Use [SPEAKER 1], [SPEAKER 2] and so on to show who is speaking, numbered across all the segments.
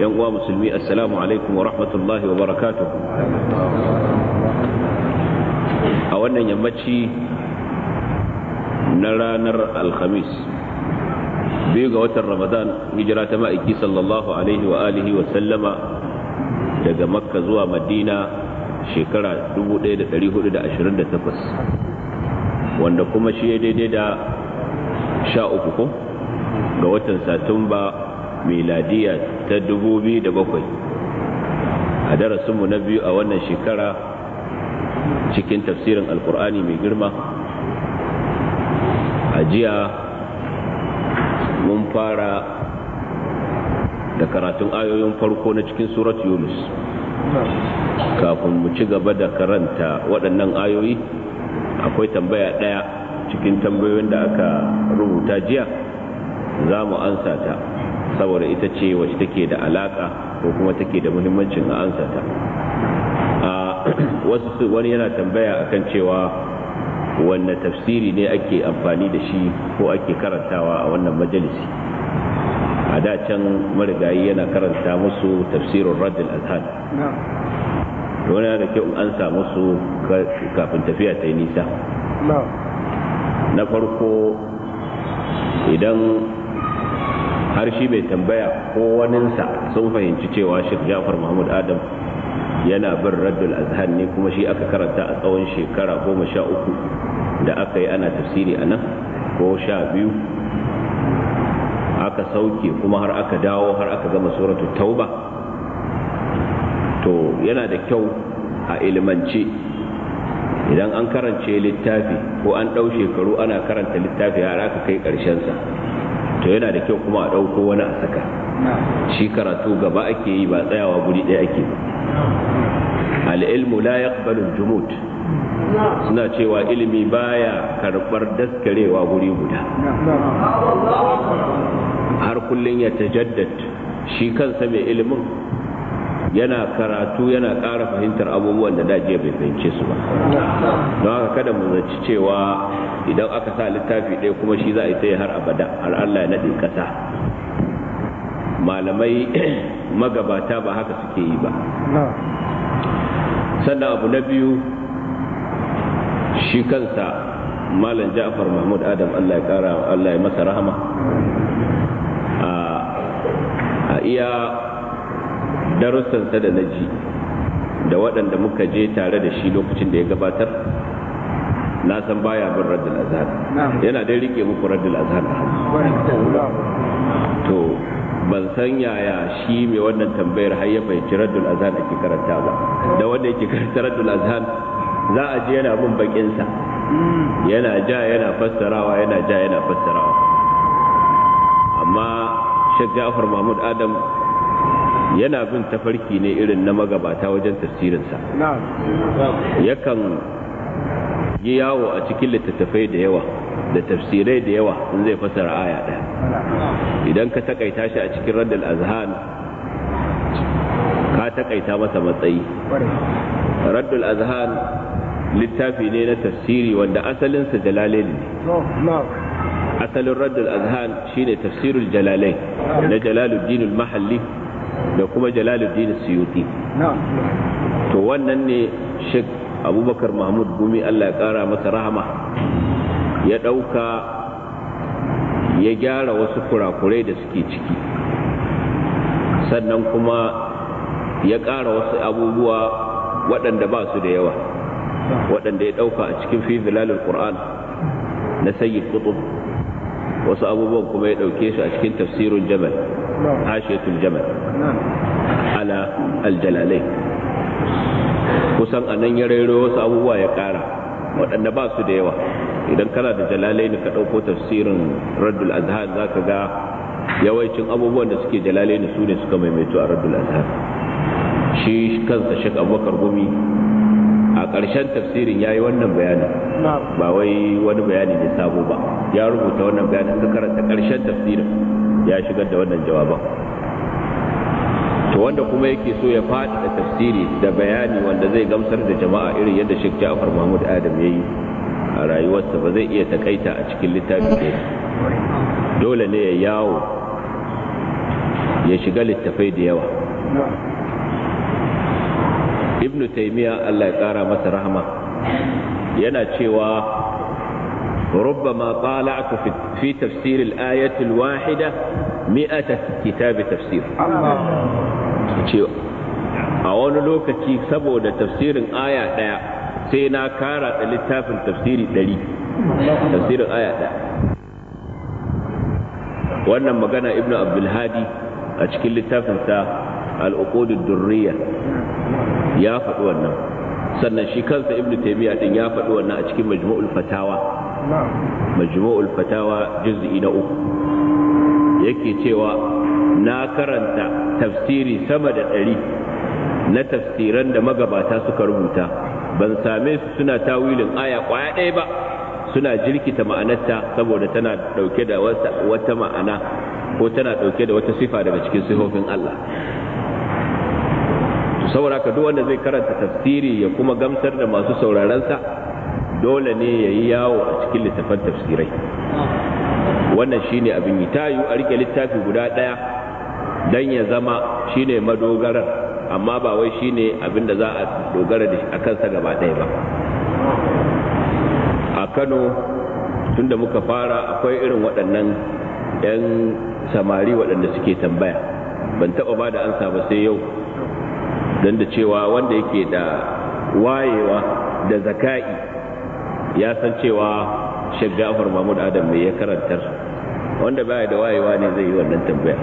[SPEAKER 1] yan uwa musulmi assalamu alaikum wa rahmatullahi wa barakatuh a wannan yammaci na ranar alhamis biyu ga watan ramadan hijira ta ma'aiki sallallahu alaihi wa alihi wa sallama daga makka zuwa madina shekara 1428 wanda kuma shi ya daidai da sha uku ko ga watan satumba miladiya ta dubu biyu da bakwai a darasinmu na biyu a wannan shekara cikin tafsirin alkur'ani mai girma a jiya mun fara da karatun ayoyin farko na cikin surat yunus kafin mu ci gaba da karanta waɗannan ayoyi akwai tambaya ɗaya cikin tambayoyin da aka rubuta jiya za mu ansa ta saboda ita ce wacce take da alaka ko kuma take da muhimmancin a ansata wasu wani yana tambaya akan cewa wanne tafsiri ne ake amfani da shi ko ake karantawa a wannan majalisi a da can marigayi yana karanta musu tafsirin radul azhan wani yana da kyau an samu su kafin tafiya ta yi nisa na farko idan har shi bai tambaya ko waninsa sun fahimci cewa shi Jafar Mahmud Adam yana bin Raddul Azhan ne kuma shi aka karanta a tsawon shekara goma sha uku da aka yi ana tafsiri a nan ko sha biyu aka sauke kuma har aka dawo har aka gama suratu tauba to yana da kyau a ilimance idan an karance littafi ko an ɗau shekaru ana karanta littafi har aka kai ƙarshensa to yana da kyau kuma a ɗauko wani a saka shi karatu gaba ake yi ba tsayawa guri ɗaya ake ba al'ilmu la yaqbalu jumud suna cewa ilimi baya karɓar daskarewa guri guda har kullum ya tajaddad shi kansa mai ilimin yana karatu yana ƙara fahimtar abubuwan da dajiya bai fahimce su ba don haka kada mu zaci cewa idan aka sa littafi ɗaya kuma shi za a yi ta har abada har Allah ya naɗe ƙasa malamai magabata ba haka suke yi ba sannan abu na biyu shi kansa malam ja'far mahmud adam Allah ya ƙara Allah ya masa rahama a iya darussansa da na ji da waɗanda muka je tare da shi lokacin da ya gabatar na san baya bin raddul azhar yana dai rike muku raddul azhar to ban san yaya shi mai wannan tambayar har ya fahimci raddul azhar ake karanta ba da wanda yake karanta raddul azhar za a je yana bin bakin sa yana ja yana fassarawa yana ja yana fassarawa amma Sheikh Ja'far Mahmud Adam yana bin tafarki ne irin na magabata wajen tafsirinsa yakan yi yawo a cikin littattafai da yawa da tafsirai da yawa in zai fasara aya ɗaya idan ka takaita shi a cikin raddal azhan ka takaita masa matsayi raddul azhan littafi ne na tafsiri wanda asalinsa jalalain ne asalin raddul azhan shine tafsirul jalalai na jalaluddin al-mahalli da kuma jalaluddin suyuti to wannan ne shek abubakar mahmud gumi allah ya kara masa rahama ya ɗauka ya gyara wasu kurakurai da suke ciki sannan kuma ya ƙara wasu abubuwa waɗanda ba su da yawa waɗanda ya ɗauka a cikin fi zilalul qur'an na sayyid kutub wasu abubuwan kuma ya ɗauke su a cikin tafsirin jamal hashiyatul jamal ala aljalalai kusan anan ya rairo wasu abubuwa ya kara waɗanda ba su da yawa idan kana da jalalai ne ka ɗauko tafsirin raddul azhar za ka ga yawancin abubuwan da suke jalalai ne su ne suka maimaito a raddul azhar shi kansa shek abubakar gumi a ƙarshen tafsirin ya yi wannan bayanin ba wai wani bayani ne sabo ba ya rubuta wannan bayanin ka karanta ƙarshen tafsirin ya shigar da wannan jawaban to wanda kuma yake so ya faɗi da tafsiri da bayani wanda zai gamsar da jama'a irin yadda Sheikh Ja'far Mahmud Adam yayi a rayuwarsa ba zai iya takaita a cikin littafi ɗaya dole ne ya yawo ya shiga littafai da yawa ibnu taymiya Allah ya ƙara masa rahama yana cewa ربما طالعت في تفسير الآية الواحدة مئة كتاب تفسير a wani lokaci saboda tafsirin aya ɗaya sai na kara da littafin tafsiri ɗari tafsirin aya ɗaya wannan magana ibnu abdulhadi a cikin littafinsa al'uqudud durriya ya faɗi wannan sannan shi kansa ibnu taymiya din ya faɗi wannan a cikin majmu'ul fatawa majmu'ul fatawa juz'i na uku yake cewa na karanta tafsiri sama da ɗari na tafsiran da magabata suka rubuta ban same su suna tawilin aya kwaya ɗaya ba suna jirkita ma'anarta saboda tana ɗauke da wata ma'ana ko tana ɗauke da wata sifa daga cikin sifofin Allah saboda ka duk wanda zai karanta tafsiri ya kuma gamsar da masu sauraronsa dole ne ya yi yawo a cikin littafan tafsirai wannan shine abin yi ta yiwu a rike littafi guda ɗaya don ya zama shine madogarar amma ba wai shine abin da za a dogara da a kansa gaba ɗaya ba a kano tun da muka fara akwai irin waɗannan 'yan samari waɗanda suke tambaya ban taɓa ba da ansa ba sai yau don da cewa wanda yake da wayewa da zaka'i ya san cewa Sheikh Ja'far Mahmud Adam mai ya karantar wanda baya da wayewa ne zai yi wannan tambaya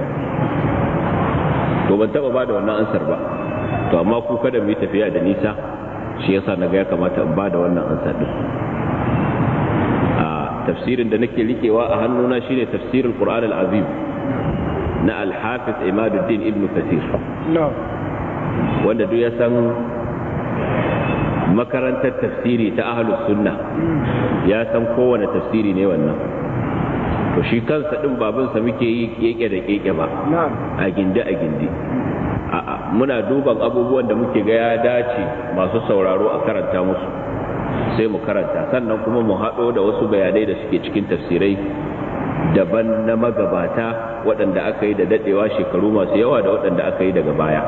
[SPEAKER 1] to ban taba ba da wannan ansar ba to amma ku kada mu yi tafiya da nisa shi yasa naga ya kamata in ba da wannan ansar din a tafsirin da nake rikewa a hannuna shine tafsirul Qur'an al-Azim na Al-Hafiz Imaduddin Ibn Kathir wanda duk ya san makarantar tafsiri ta ahlus sunna ya san kowane tafsiri ne wannan to shi kansa din babansa muke yi keke da keke ba a gindi a gindi a'a muna duban abubuwan da muke ga ya dace masu sauraro a karanta musu sai mu karanta sannan kuma mu haɗo da wasu bayanai da suke cikin tafsirai daban na magabata waɗanda aka yi da daɗewa shekaru masu yawa da waɗanda aka yi daga baya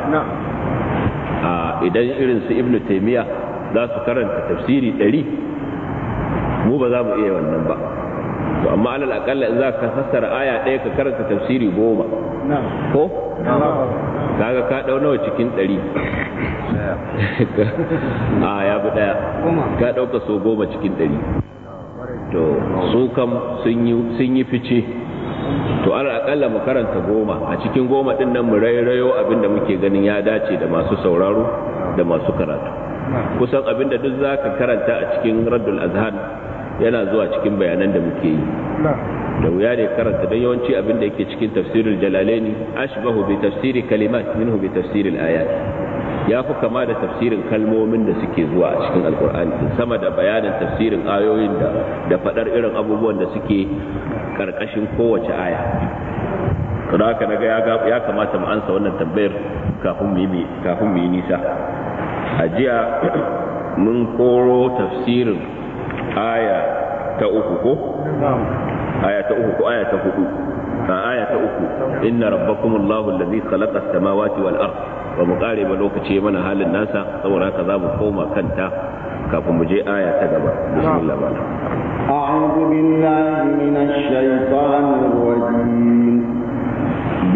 [SPEAKER 1] idan irin su ibnu taimiyya za su karanta tafsiri ɗari mu ba za mu iya wannan ba to amma alal akalla in za ka fassara aya ɗaya ka karanta tafsiri goma ko kaga ka ɗau nawa cikin ɗari a ah, ya bi ɗaya ka ɗauka so goma cikin ɗari to su kam sun yi fice to alal akalla mu karanta goma a cikin goma ɗin nan mu rairayo abinda muke ganin ya dace da masu sauraro da masu karatu kusan abin da duk za ka karanta a cikin raddul azhar yana zuwa cikin bayanan da muke yi da wuya ne karanta don yawanci abin da yake cikin tafsirin jalalaini ashbahu bi tafsiri kalimat minhu bi tafsiril ayat ya fi kama da tafsirin kalmomin da suke zuwa a cikin alkur'ani sama da bayanin tafsirin ayoyin da da fadar irin abubuwan da suke karkashin kowace aya don haka naga ya kamata mu ansa wannan tambayar kafin mu yi nisa a jiya mun koro tafsirin aya ta uku ko aya ta uku ko aya ta hudu a aya ta uku inna rabbakumullahu allazi khalaqa as-samawati wal ard wa mu kare ba lokaci mana halin nasa saboda haka za mu koma kanta kafin mu je aya ta gaba bismillah
[SPEAKER 2] أعوذ بالله من الشيطان الرجيم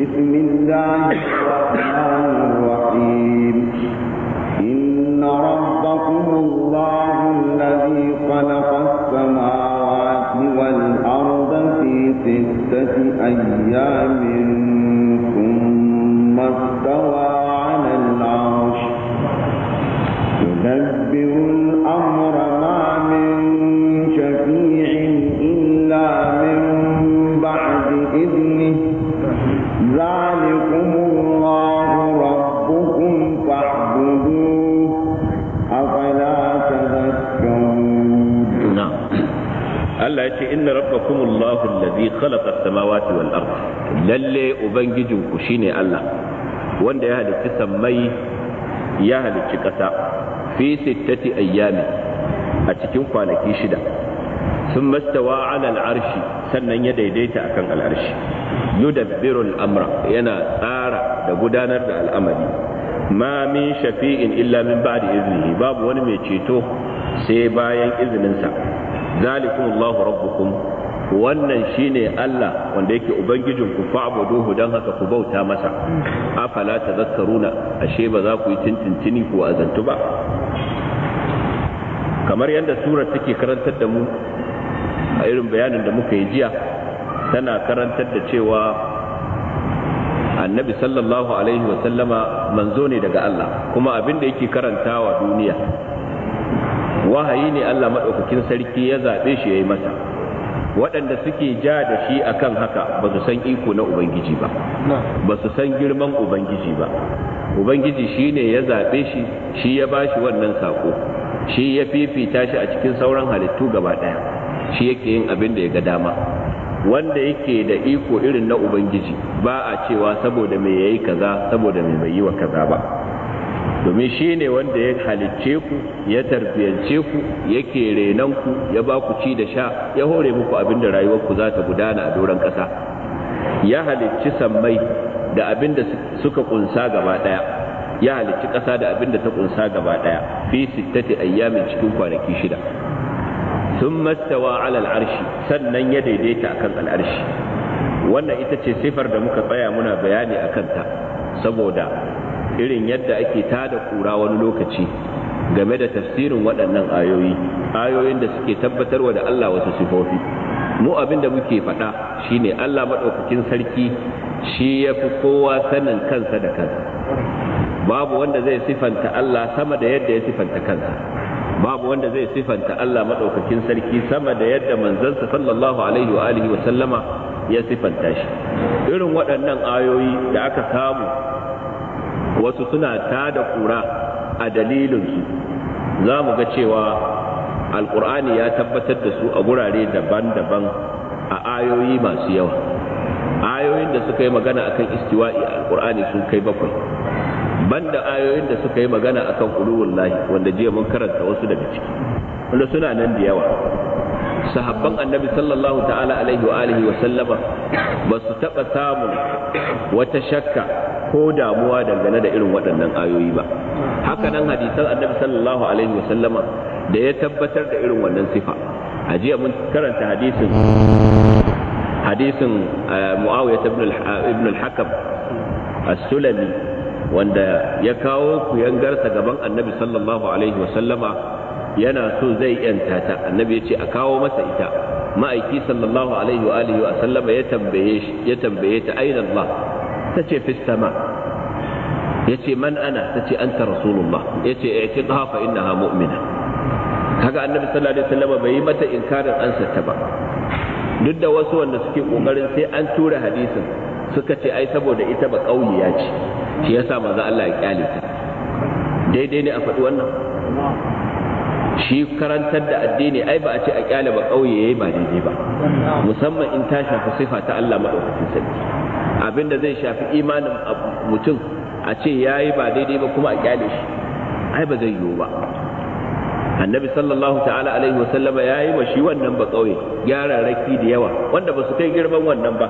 [SPEAKER 2] بسم الله الرحمن أيام
[SPEAKER 1] rabbakumullahu allazi khalaqa as-samawati wal ard lallai ubangijin ku shine Allah wanda ya halicci samai ya halicci ƙasa fi sittati ayyami a cikin kwanaki shida sun mastawa ala al'arshi sannan ya daidaita akan al'arshi yudabbiru al'amra yana tsara da gudanar da al'amari ma min shafi'in illa min ba'di iznihi babu wani mai ceto sai bayan izininsa zalikum Allahu rabbukum wannan shine Allah wanda yake ubangijin ku hu dan haka ku bauta masa afala tazakkaruna ashe ba za ku yi tintintini ku azantu ba kamar yadda surar take karantar da mu a irin bayanin da muka yi jiya tana karantar da cewa annabi sallallahu alaihi wa sallama manzo ne daga Allah kuma abin da yake karantawa duniya wahayi ne Allah madaukakin sarki ya zaɓe shi ya yi masa waɗanda suke ja da shi a kan haka ba su san iko na ubangiji ba ba su san girman ubangiji ba ubangiji shi ne ya zaɓe shi shi ya ba shi wannan saƙo shi ya fifita shi a cikin sauran halittu gaba ɗaya shi yake yin abin da ya ga dama wanda yake da iko irin na ubangiji ba a cewa saboda mai yayi kaza saboda mai bai yi wa kaza ba domin shi ne wanda ya halicce ku ya tarbiyance ku yake renon ku ya ba ku ci da sha ya hore muku abin da rayuwarku za ta gudana a doron ƙasa ya halicci sammai da abin da suka kunsa gaba ɗaya ya halicci ƙasa da abin da ta kunsa gaba ɗaya fi sittati ayyamin cikin kwanaki shida sun mastawa alal arshi sannan ya daidaita akan al'arshi wannan ita ce sifar da muka tsaya muna bayani a kanta saboda irin yadda ake tada kura wani lokaci game da tafsirin waɗannan ayoyi ayoyin da suke tabbatarwa da Allah wasu sifofi mu abin da muke faɗa shine Allah maɗaukakin sarki shi ya fi kowa sanin kansa da kansa babu wanda zai sifanta Allah sama da yadda ya sifanta kansa babu wanda zai sifanta Allah maɗaukakin sarki sama da yadda manzansa sallallahu alaihi wa alihi wa sallama ya sifanta shi irin waɗannan ayoyi da aka samu wasu suna tada kura a dalilinsu za mu ga cewa alkur'ani ya tabbatar da su a gurare daban-daban a ayoyi masu yawa ayoyin da suka yi magana akan istiwa'i a alkur'ani sun kai bakwai banda ayoyin da suka yi magana akan uluwun lahi wanda jiya mun karanta wasu daga ciki wanda suna nan da yawa sahabban annabi sallallahu ta'ala alaihi wa alihi wa sallama ba su taɓa samun wata shakka ko damuwa dangane da irin waɗannan ayoyi ba haka nan hadisan annabi sallallahu alaihi wa sallama da ya tabbatar da irin wannan sifa a jiya mun karanta hadisin hadisin eh, muawiya ibn al-hakam as-sulami wanda ya kawo kuyangarsa gaban annabi sallallahu alaihi wa sallama yana so zai yanta ta annabi ya ce a kawo masa ita ma'aiki sallallahu alaihi wa alihi wa sallama ya tambaye shi ya tambaye ta aina Allah ce fi sama yace man ana tace anta rasulullah yace i'tiqha eh, fa innaha mu'mina kaga annabi sallallahu alaihi wasallam bai yi mata inkarin ansa ta ba duk da wasu wanda suke kokarin sai an tura hadisin suka ce ai saboda ita ba kauliya ce shi yasa manzo Allah ya kyale ta daidai ne a faɗi wannan shi karantar da addini ai ba a ce a kyale ba kauye yayi ba daidai ba musamman in ta shafi sifa ta Allah madaukakin sarki abin da zai shafi imanin mutum a ce ya yi ba daidai ba kuma a kyale shi ai ba zai yiwu ba annabi sallallahu ta'ala alaihi wasallama ya yi wa shi wannan ba kauye gyara raki da yawa wanda ba su kai girman wannan ba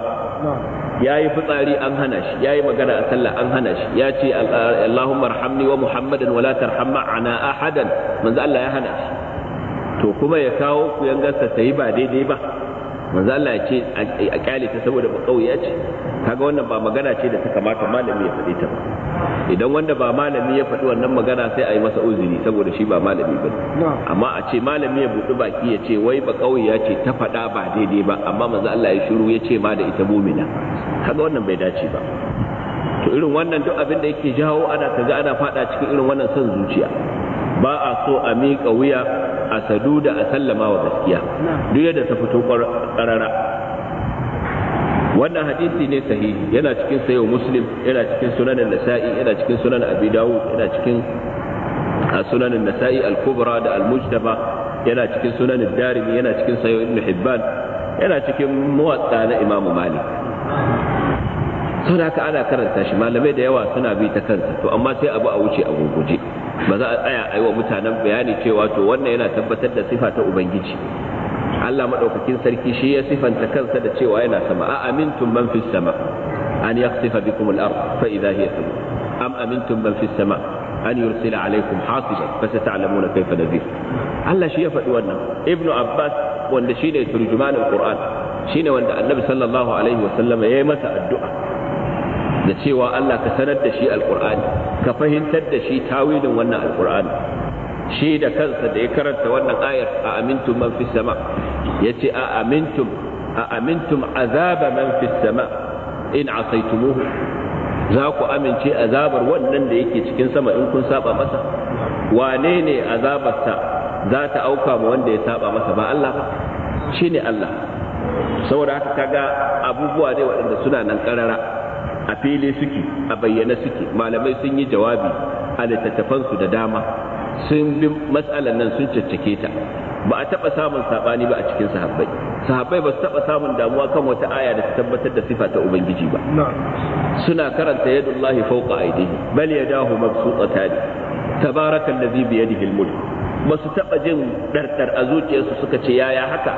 [SPEAKER 1] ya yi fitsari an hana shi ya yi magana a sallah an hana shi ya ce allahumma rahamni wa muhammadan wala tarhamma ana ahadan manzo Allah ya hana shi to kuma ya kawo ku yangarsa ta yi ba daidai ba manzo Allah ya ce a kyale ta saboda ba kauya ce kaga wannan ba magana ce da ta kamata malami ya faɗi ta idan wanda ba malami ya faɗi wannan magana sai a yi masa uzuri saboda shi ba malami ba amma a ce malami ya buɗi baki ya ce wai ba kauya ce ta faɗa ba daidai ba amma manzo Allah ya shiru ya ce ma da ita mumina kaga wannan bai dace ba to irin wannan duk abin da yake jawo ana kaga ana faɗa cikin irin wannan son zuciya ba a so a miƙa wuya a sadu da a sallama wa gaskiya duk yadda ta fito karara wannan hadisi ne sahihi yana cikin sayo muslim yana cikin sunan nasa'i yana cikin sunan abi dawud yana cikin sunan nasa'i al-kubra da al-mujtaba yana cikin sunan darimi yana cikin sayo ibn hibban yana cikin muwatta na imamu malik saboda haka ana karanta shi malamai da yawa suna bi ta kansa to amma sai abu a wuce a gurguje ba za a tsaya a yi wa mutanen bayani cewa to wannan yana tabbatar da sifa ta ubangiji Allah madaukakin sarki shi ya sifanta kansa da cewa yana sama a amintum man fis sama an yaqtifa bikum al-ard fa idha hiya tamur am amintum man fis sama an yursila alaykum hasiban fa sata'lamuna kayfa nadhir Allah shi ya faɗi wannan ibnu Abbas wanda shine turjuman al-Qur'an shine wanda Annabi sallallahu alaihi wasallam sallama yayi masa addu'a da cewa Allah ka sanar da shi alkur'ani ka fahimtar da shi tawilin wannan alkur'ani shi da kansa da ya karanta wannan ayar a amintum man fis sama yace a amintum a amintum azaba man fis sama in asaitumuhu za ku amince azabar wannan da yake cikin sama in kun saba masa wane ne azabarsa za ta auka ma wanda ya saba masa ba Allah ba shine Allah saboda haka kaga abubuwa ne waɗanda suna nan ƙarara a fili suke a bayyane suke malamai sun yi jawabi a littattafansu da dama sun bi matsalan nan sun caccake ta ba a taɓa samun saɓani ba a cikin sahabbai sahabbai ba su taɓa samun damuwa kan wata aya da ta tabbatar da sifa ta ubangiji ba suna karanta yadullahi fawqa aidihi bal yadahu mabsutatan tabarakallazi biyadihi almulk ba su taɓa jin ɗarɗar a zuciyarsu suka ce yaya haka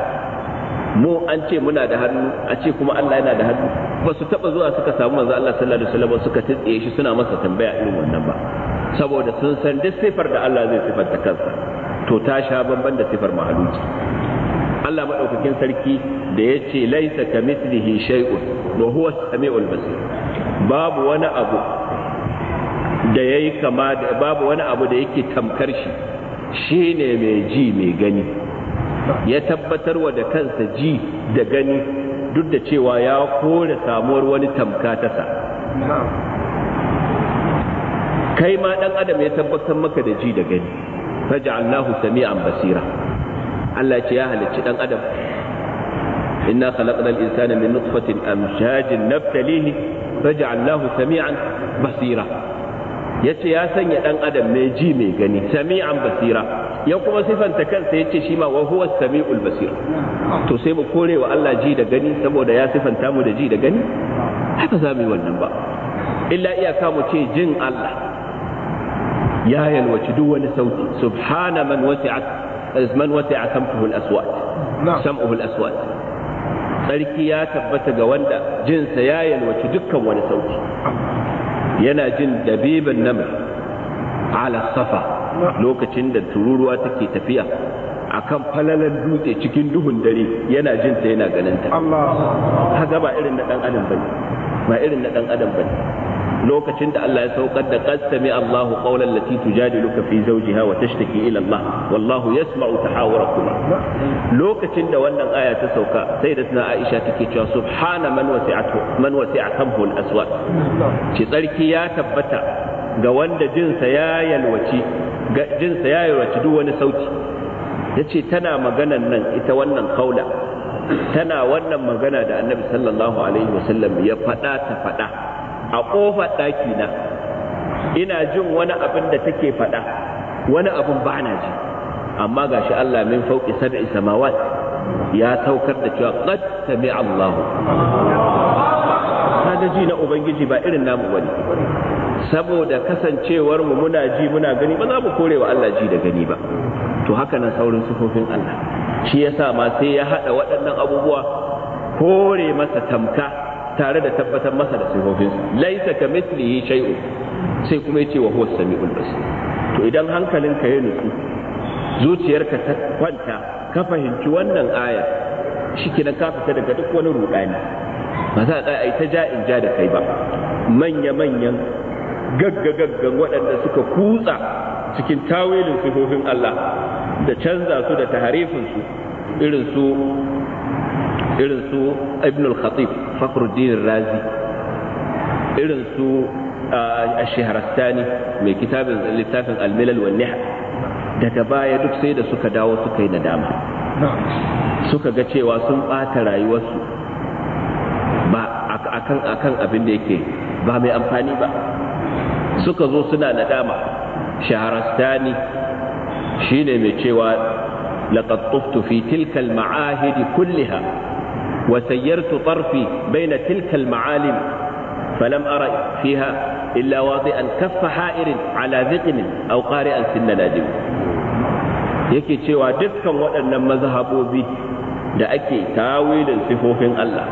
[SPEAKER 1] mu an ce muna da hannu a ce kuma Allah yana da hannu ba su taba zuwa suka samu manzo Allah sallallahu alaihi wasallam suka tsiye shi suna masa tambaya irin wannan ba saboda sun san duk sifar da Allah zai sifarta kansa to ta sha bamban da sifar mahaluki Allah madaukakin sarki da ya ce laisa kamithlihi shay'un wa huwa as-sami'ul basir babu wani abu da yayi kama babu wani abu da yake tamkar shi shine mai ji mai gani ya tabbatar wa da kansa ji da gani duk da cewa ya kore samuwar wani tamka sa kai ma dan adam ya tabbatar maka da ji da gani faj'alnahu sami'an basira Allah ya halicci dan adam inna al insana min nutfatin amshajin naftalihi faj'alnahu sami'an basira ya ce ya sanya ɗan adam mai ji mai gani sami'an basira ya kuma sifanta kansa ya ce shi ma wa huwa sami'ul basir to sai mu kore wa Allah ji da gani saboda ya sifanta mu da ji da gani haka za mu yi wannan ba illa iyaka mu ce jin Allah ya yalwaci duk wani sauti subhana man wasi'at man wasi'a sam'uhu al-aswat sam'uhu al-aswat sarki ya tabbata ga wanda jinsa ya yalwaci dukkan wani sauti yana jin dabibin nam ala safa lokacin da tururuwa take tafiya akan falalan dutse cikin duhun dare yana jin ta yana ganin ta Allah ba irin na dan adam bane ba irin na dan adam bane lokacin da Allah ya saukar da qastami Allahu qawlan lati tujadiluka fi zawjiha wa tashtaki ila Allah wallahu yasma'u tahawurakuma lokacin da wannan aya ta sauka sai da suna Aisha take cewa subhana man wasi'atu man wasi'atahu al-aswaq ci tsarki ya tabbata ga wanda jinsa ya yalwaci duk wani sauti yace tana maganan nan ita wannan kaula tana wannan magana da annabi sallallahu alaihi ya faɗa ta faɗa a ƙofar ɗaki na ina jin wani abin da take faɗa wani abin ba na ji amma gashi Allah min fauki sab'i samawat ya saukar da cewa qad sami Allah kaga ji na ubangiji ba irin namu wani saboda kasancewar mu muna ji muna gani ba za mu korewa Allah ji da gani ba to haka nan saurin sufofin Allah shi yasa ma sai ya hada waɗannan abubuwa kore masa tamka tare da tabbatar masa da sifofinsa laisa ka mislihi shay'u sai kuma yace wa huwa samiul basir to idan hankalinka ya nutsu zuciyarka ta kwanta ka fahimci wannan aya shikenan ka fita daga duk wani rudani ba za a yi ta ja in ja da kai ba manya manyan gagga gaggan waɗanda suka kutsa cikin tawilin sifofin Allah da canza su da su irin su irin su ibn al-khatib fakhruddin razi irin su ash-shahrastani mai kitabin littafin al-milal wa nih daga baya duk sai da suka dawo suka yi nadama suka ga cewa sun bata rayuwarsu ba akan akan abin da yake ba mai amfani ba suka zo suna nadama shaharastani shine mai cewa لقد طفت في تلك المعاهد كلها وسيرت طرفي بين تلك المعالم فلم أرى فيها إلا واطئا كف حائر على ذقن أو قارئا سن لازم يكي شوى جدك وأن لما ذهبوا به دأكي تاويل صفوف الله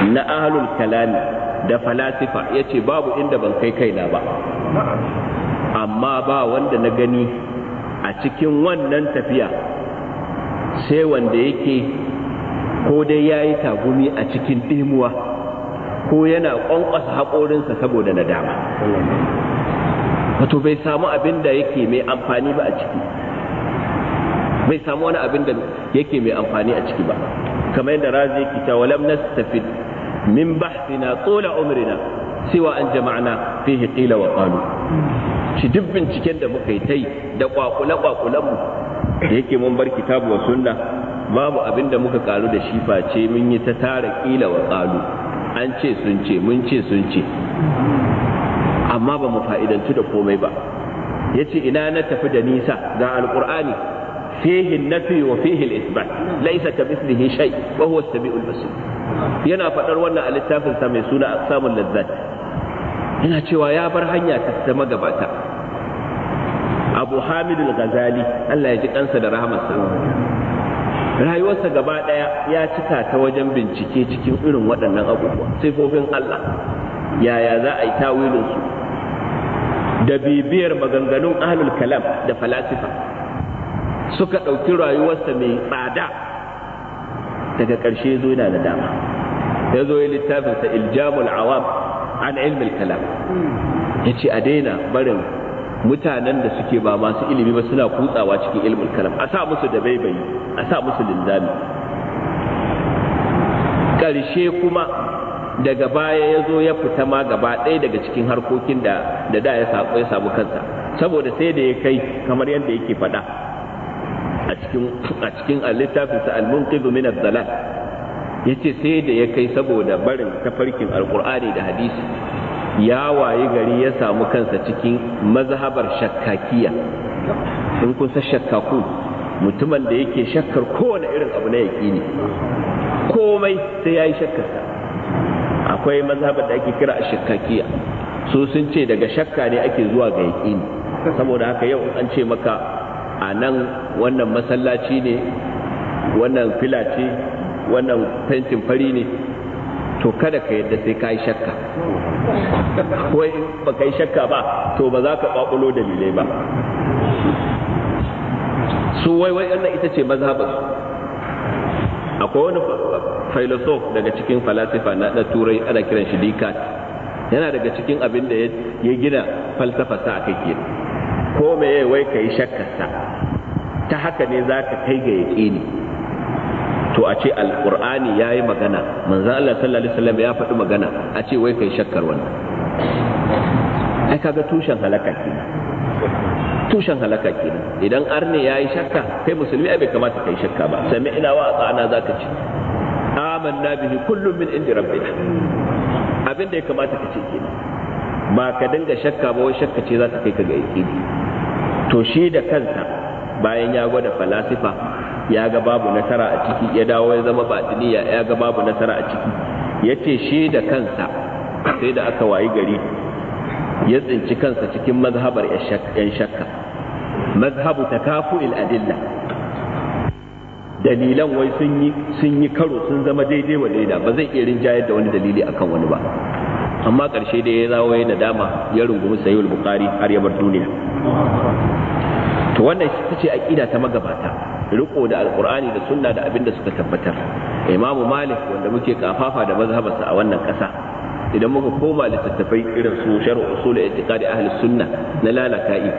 [SPEAKER 1] إن أهل الكلام da falasifa ya ce babu inda ban kai kaina ba amma ba wanda na gani a cikin wannan tafiya sai wanda yake ko dai ya yi tagumi a cikin ɗimuwa ko yana ƙwanƙwasa haƙorinsa saboda nadama wato bai samu abin da yake mai amfani ba a ciki bai samu wani abin da yake mai amfani a ciki ba kamar yadda razi yake cewa lam nastafid min bahthina tsola umrina siwa an jama'na fihi qila wa qalu shi duk binciken da muka yi tai da kwakule kwakulen da yake mun bar kitabu wa sunna babu abin da muka karu da shi face mun yi ta tara kila wa kalu an ce sun ce mun ce sun ce amma ba mu fa'idantu da komai ba ya ce ina na tafi da nisa ga alkur'ani fihi nafi wa fihi isbat laisa ka mislihi shay wa huwa as basir yana fadar wannan a littafin sa mai suna samun lazzat yana cewa ya bar hanya ta magabata abu hamid al-ghazali Allah ya ji kansa da rahamarsa rayuwarsa gaba ɗaya ya cika ta wajen bincike cikin irin waɗannan abubuwa sifofin Allah yaya za a yi tawilinsu da bibiyar maganganun ahlul kalam da falasifa suka ɗauki rayuwarsa mai tsada daga ƙarshe zo yana da dama ya zo ya littafinsa iljamul awam an ilmil kalam ya ce a daina barin mutanen da suke ba masu ilimi ba suna kutsawa cikin ilimin kalam a sa musu da baibayi a sa musu linzami ƙarshe kuma daga baya ya zo ya fita ma gaba ɗaya daga cikin harkokin da da da ya samu kansa saboda sai da ya kai kamar yadda yake faɗa a cikin a cikin littafinsa al-munqidhu min adh yace sai da ya kai saboda barin tafarkin alqur'ani da hadisi ya wayi gari ya samu kansa cikin mazhabar shakkakiya in kun san shakkaku mutumin da yake shakkar kowane irin abu na ne, komai sai ya yi shakkarsa akwai mazhabar da ake kira a shakkakiya su sun ce daga shakka ne ake zuwa ga ne. saboda haka yau an ce maka a nan wannan masallaci ne wannan fila wannan fentin fari ne to kada ka yadda sai ka yi shakka wai in ba kai shakka ba to ba za ka kwakulo dalilai ba su wai wai wannan ita ce mazhabin akwai wani filosof daga cikin falasifa na da turai ana kiran shi dikat yana daga cikin abin da ya gina falsafasa a kai ko me wai ka yi shakkarsa ta haka ne za ka kai ga yaƙini to a ce alqur'ani yayi magana manzo Allah sallallahu alaihi wasallam ya faɗi magana a ce wai kai shakkar wannan ai kaga tushen halaka kenan tushen halaka kenan idan arne yayi shakka kai musulmi ai bai kamata kai shakka ba ina wa ata'ana zaka ce amanna bihi kullum min indi rabbina abin da ya kamata ka ce kenan ba ka dinga shakka ba wai shakka ce za ta kai ka ga yaqini to shi da kanta bayan ya gwada falasifa ya ga babu nasara a ciki ya dawo ya zama batiniya ya ga babu nasara a ciki ya ce shi da kansa sai da aka wayi gari ya tsinci kansa cikin mazhabar yan shakka mazhabu ta Kafu adilla dalilan wai sun yi karo sun zama daidai wa daida ba zai iya rinjayar da wani dalili akan wani ba amma ƙarshe da ya zawo ya nadama ya rungumi sayyul bukari har ya bar duniya to wannan ita ce aƙida ta magabata riko da alkur'ani da sunna da abin da suka tabbatar imamu malik wanda muke kafafa da mazhabarsa a wannan ƙasa idan muka koma littattafai irin su sharh usul i'tiqadi ahli sunna na lalaka'i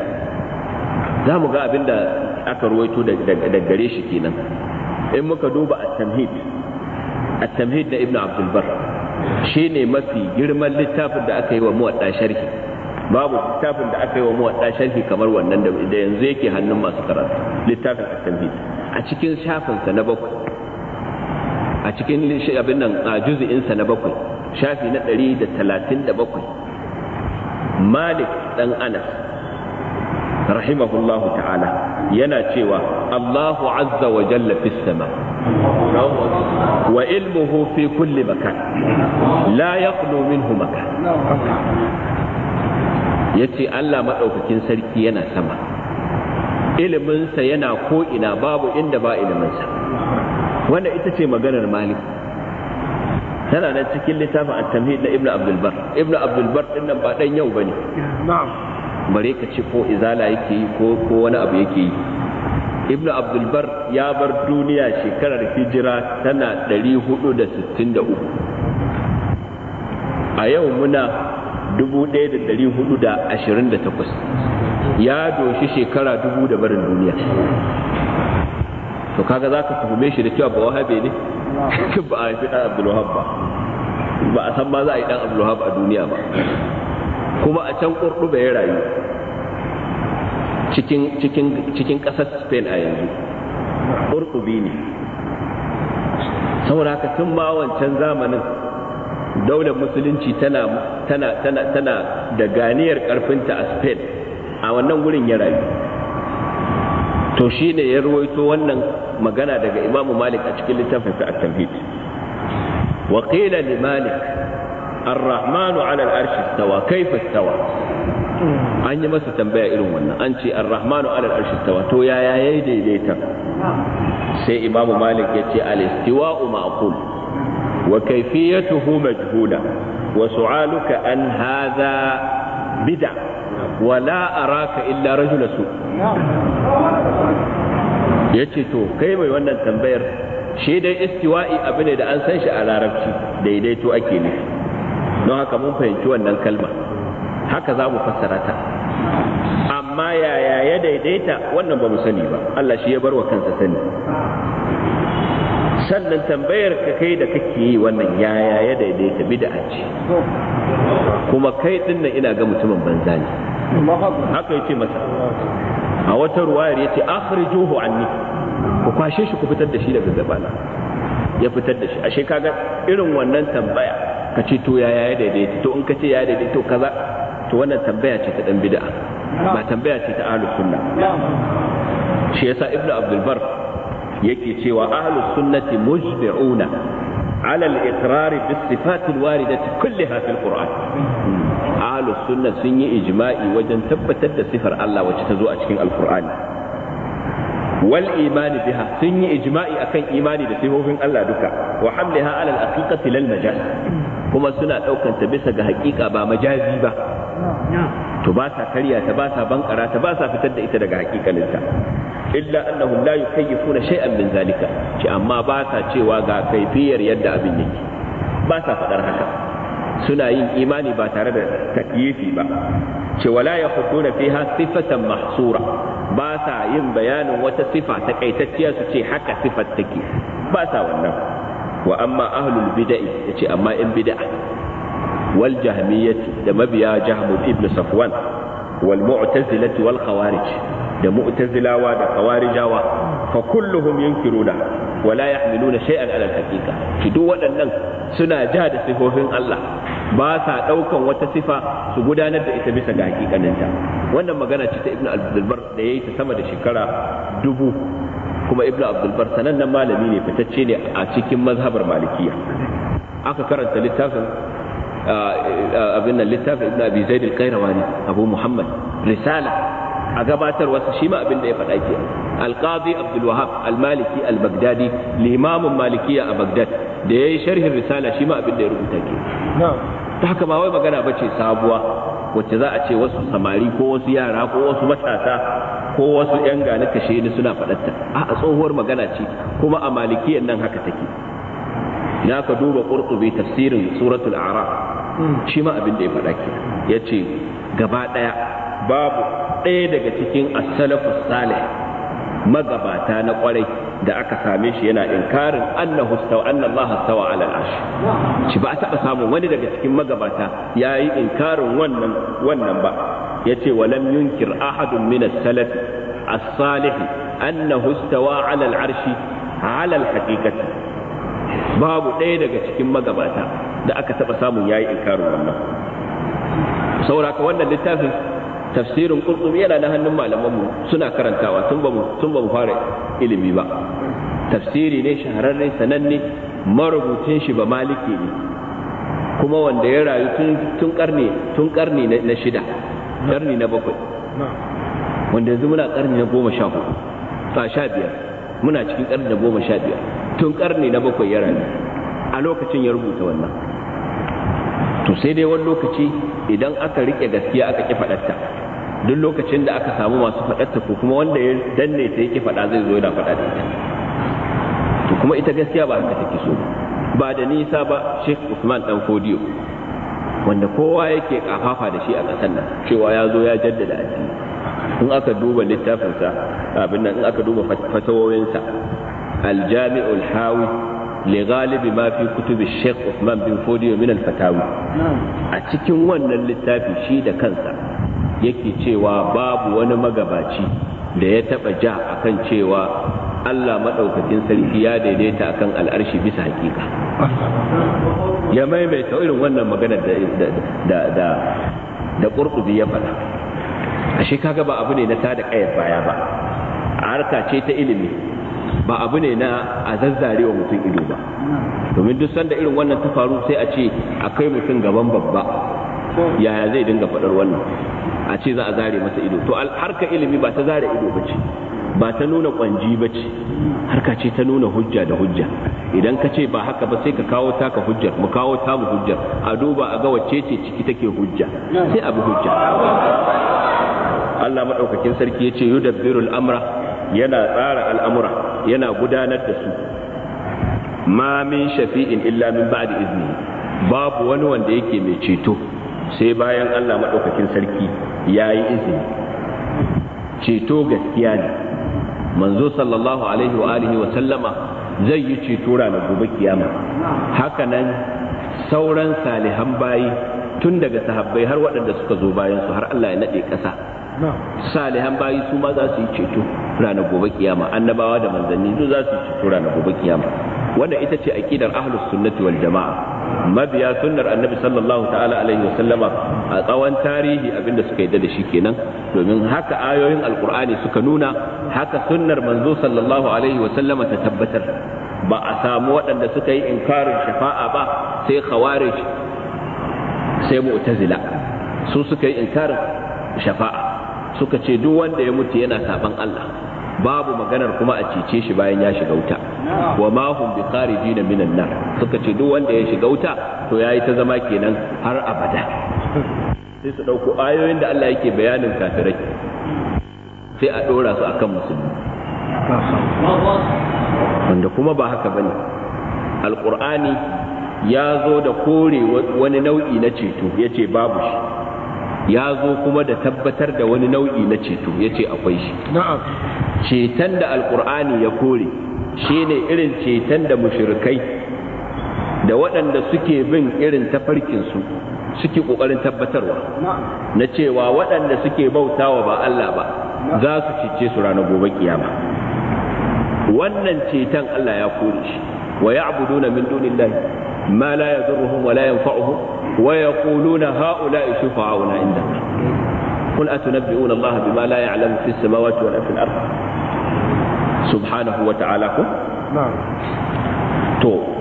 [SPEAKER 1] za mu ga abin da aka ruwaito da gare shi kenan in muka duba at-tamhid at-tamhid na ibnu abdul bar shine mafi girman littafin da aka yi wa muwadda sharhi babu littafin da aka yi wa muwadda sharhi kamar wannan da yanzu yake hannun masu karatu littafin a tamhid a cikin shafinsa na bakwai a cikin abin nan a juziinsa na bakwai shafi na bakwai, malik dan anas rahimahullahu ta'ala yana cewa Allahu azza wa jalla sama wa ilmuhu fi kulli makan la yaqlu minhu makan ya ce Allah maɗaukakin sarki yana sama iliminsa yana ko'ina babu inda ba iliminsa wanda ita ce maganar malik tana nan cikin littafin a tamhi na Ibn abdulbar Ibn abdulbar din nan ba dan yau bane bare ka ce ko izala yake yi ko wani abu yake yi Ibn abdulbar ya bar duniya shekarar hijira tana 463 a yau muna 1428 ya doshi shekara dubu da barin duniya to kaga za ka tuhume shi da cewa ba wahabe ne ba a haifi dan abdulwahab ba ba a san ma za a yi dan abdulwahab a duniya ba kuma a can ba ya rayu cikin ƙasar spain a yanzu bi ne saboda haka tun ma wancan zamanin daular musulunci tana tana tana tana da ganiyar karfinta a spain a wannan gurin ya rayu to shine ya ruwaito wannan magana daga imamu malik a cikin littafin sa at-tamhid wa qila li malik ar-rahman 'ala al-arsh istawa kayfa istawa an yi masa tambaya irin wannan an ce ar-rahman 'ala al-arsh istawa to yaya yayi daidaita sai imamu malik ya ce al-istiwa'u ma'qul وكيفيته مجهولة وسؤالك أن هذا بدع ولا أراك إلا رجل سوء يتشتو كيف يوانا التنبير شيء دي استوائي أبني دا أنسانش على ربشي دي دي تو أكيني نو هكا ممكن أن الكلمة هكذا مفسرتها أما يا يا يا ديتا وانا بمسني با الله شيء يبر وكان sannan tambayar ka kai da kake yi wannan yaya ya daidaita bid'a ce kuma kai din nan ina ga mutumin banza ne haka yace masa a wata ruwayar yace akhrijuhu anni ku kwashe shi ku fitar da shi daga zabana ya fitar da shi ashe kaga irin wannan tambaya ka ce to yaya ya daidaita to in ka ce ya daidaita to kaza to wannan tambaya ce ta dan bid'a ba tambaya ce ta ahlus sunna shi yasa ibnu abdul bar yake cewa ahlus sunnati mujmi'una ala al-iqrar bi sifatil waridati kulliha al qur'an ahlus sunna sun yi ijma'i wajen tabbatar da sifar Allah wacce ta zo a cikin alqur'ani wal imani biha sun yi ijma'i akan imani da sifofin Allah duka wa hamliha ala al-haqiqati lil majaz kuma suna daukan ta bisa ga hakika ba majazi ba to ba sa karya ta ba sa bankara ta ba sa fitar da ita daga haƙiƙaninta إلا أنهم لا يكيفون شيئا من ذلك شيء ما باسا شيء كيفية يد أبن يجي باسا فقر هكا سنة إيماني باسا رد تكييفي با شيء ولا يخطون فيها صفة محصورة باسا يم بيان وتصفة تكيتتيا سوشي حكا صفة تكييف باسا والنم وأما أهل البدع شيء أما إن بدع والجهمية لما بيا جهم ابن صفوان والمعتزلة والخوارج da mu'tazilawa da kawarijawa fa kulluhum yunkiruna wa la yahmiluna shay'an ala al-haqiqa shi duk waɗannan suna ja da sifofin Allah ba sa daukan wata sifa su gudanar da ita bisa ga hakikaninta wannan magana ce ta ibnu abdulbar da yayi ta sama da shekara dubu kuma ibnu abdulbar sanannen malami ne fitacce ne a cikin mazhabar malikiya aka karanta littafin abin nan littafin ibnu abi zaid al-qayrawani abu muhammad risala a gabatar wasu shi ma abin da ya faɗa ke alqadi abdul wahab al-maliki al-baghdadi limamin malikiya a bagdad da yayi sharhin risala shi ma abin da ya rubuta ke ta haka ba wai magana bace sabuwa wacce za a ce wasu samari ko wasu yara ko wasu matasa ko wasu yan gane kashe ni suna faɗatta a tsohuwar magana ce kuma a malikiyan nan haka take na ka duba qurtubi tafsirin suratul a'raf hmm. shi ma abin da ya faɗa ke yace gaba ɗaya babu ɗaya daga cikin asalafu salafus salih magabata na ƙwarai da aka same shi yana inkarin annahu stawa anna Allah stawa ala al shi ba a taɓa samun wani daga cikin magabata yayi inkarin wannan wannan ba yace wa lam yunkir ahadun min as-salaf as-salih annahu stawa ala al-arsh ala al-haqiqati babu ɗaya daga cikin magabata da aka taɓa samun yayi inkarin wannan saboda ka wannan littafin tafsirin qurtubi yana da hannun malamanmu suna karantawa tun ba mu tun ba mu fara ilimi ba tafsiri ne shahararre sananne marubucin shi ba maliki ne kuma wanda ya rayu tun karni tun karni na shida karni na bakwai wanda yanzu muna karni na goma sha hudu ta sha biyar muna cikin karni na goma sha biyar tun karni na bakwai ya rayu a lokacin ya rubuta wannan to sai dai wani lokaci idan aka rike gaskiya aka ƙi faɗarta duk lokacin da aka samu masu faɗarta ko kuma wanda ya danne ta yake faɗa zai zo yana faɗa da ita to kuma ita gaskiya ba haka take so ba da nisa ba Sheikh Usman dan fodio wanda kowa yake kafafa da shi a ƙasar nan cewa ya zo ya jaddada addini in aka duba littafinsa abin nan in aka duba fatawoyinsa al-jami'ul hawi li ghalibi ma fi kutubi Sheikh Usman bin Fodiyo min al-fatawi a cikin wannan littafin shi da kansa yake cewa babu wani magabaci da ya taba ja akan cewa Allah maɗaukakin sarki ya daidaita akan al'arshi bisa hakika ya maimaita irin wannan magana da ƙurƙubi ya faɗa ashe kaga ba abu ne na tada ƙayar baya ba harka ce ta ilimi ba abu ne na a wa mutum ido ba domin duk sanda irin wannan ta faru sai a ce akwai mutum gaban babba yaya zai dinga faɗar wannan a ce za a zare masa ido to harka ilimi ba ta zare ido ba ce ba ta nuna kwanji ba ce harka ce ta nuna hujja da hujja idan ka ce ba haka ba sai ka kawo taka hujjar mu kawo tamu hujjar a duba a ga wacce ce ciki take hujja sai abu hujja Allah madaukakin sarki ya ce yudabbirul amra yana tsara al'amura yana gudanar da su ma min shafi'in illa min ba'di izni babu wani wanda yake mai ceto sai bayan Allah maɗaukakin sarki ya yi izini ceto gaskiya ne manzo sallallahu alaihi wa alihi wa sallama zai yi ceto ranar gobe kiyama haka nan sauran salihan bayi tun daga sahabbai har waɗanda suka zo bayan su har Allah ya naɗe ƙasa salihan bayi su ma za su yi ceto ranar gobe kiyama annabawa da manzanni su za su yi ceto ranar gobe kiyama wannan ita ce aqidar ahlus sunnati wal jama'a mabiya sunnar annabi sallallahu ta'ala alaihi wa sallama a tsawon tarihi abinda suka yadda da shi kenan domin haka ayoyin alqur'ani suka nuna haka sunnar manzo sallallahu alaihi wa sallama ta tabbatar ba a samu waɗanda suka yi inkarin shafa'a ba sai khawarij sai mu'tazila su suka yi inkarin shafa'a suka ce duk wanda ya mutu yana saban Allah babu maganar kuma a cece shi bayan ya shiga wuta wa ma hum bi kharijin minan nar suka ce duk wanda ya shiga wuta to yayi ta zama kenan har abada sai su dauko ayoyin da Allah yake bayanin kafirai sai a dora su akan musulmi wanda kuma ba haka bane alqur'ani ya zo da kore wani nau'i na ceto yace babu shi ya zo kuma da tabbatar da wani nau'i na ceto ya ce akwai shi ceton da alkur'ani ya kore shine irin ceton da mushirikai, da waɗanda suke bin irin tafarkinsu suke ƙoƙarin tabbatarwa na cewa waɗanda suke bautawa ba Allah ba za su cece su ranar gobe kiyama wannan ceton Allah ya kore shi wa ya'buduna min dunillahi ma la yadurruhum wa la yanfa'uhum wa yaquluna ha'ula'i shufa'auna indana قل أتنبئون الله بما لا يعلم في السماوات ولا في الأرض سبحانه وتعالى نعم تو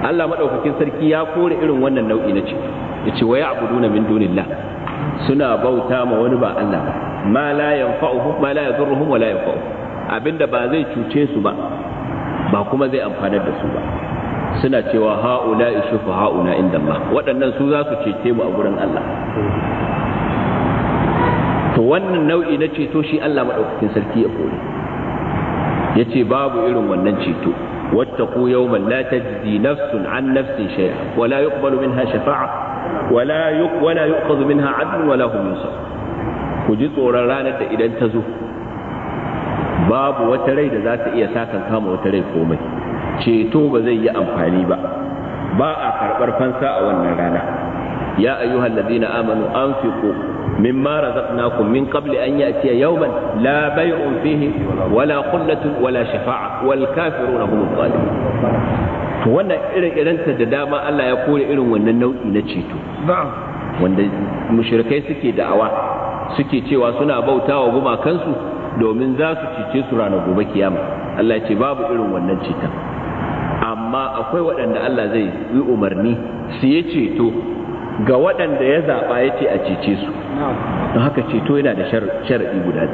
[SPEAKER 1] Allah maɗaukakin sarki ya kore irin wannan nau'i na ce ya ce wa ya abuduna min dunillah suna bauta ma wani ba Allah ba ma la yanfa'uhum la abinda ba zai cuce su ba ba kuma zai amfanar da su ba suna cewa ha'ula ishufu ha'una inda ma waɗannan su za su cece mu a gurin Allah to wannan nau'i na ceto shi Allah maɗaukakin sarki ya kore ya ce babu irin wannan ceto wattaqu yawman la tajzi nafsun an nafsin shay'a wa la yuqbalu minha shafa'a wa la yuqbalu minha 'adlun wa la hum yunsar ku ji tsoron ranar da idan ta zo babu wata rai da za ta iya sakan kama wata rai komai ceto ba zai yi amfani ba ba a karɓar fansa a wannan rana ya ayyuhal ladina amanu anfiqu mimma razaqnakum min qabli an ya'tiya yau la bay'un fihi wala qullatun wala shafa'a wal kafiruna hum wannan irin ta da dama Allah ya kore irin wannan nau'i na ceto wanda mushrikai suke da'awa suke cewa suna bauta wa gumakansu domin za su cece su ranar gobe kiyama Allah ya ce babu irin wannan ceton amma akwai waɗanda Allah zai yi umarni su yi ceto ga waɗanda ya zaɓa ya ce a cece su don haka ceto yana da sharaɗi guda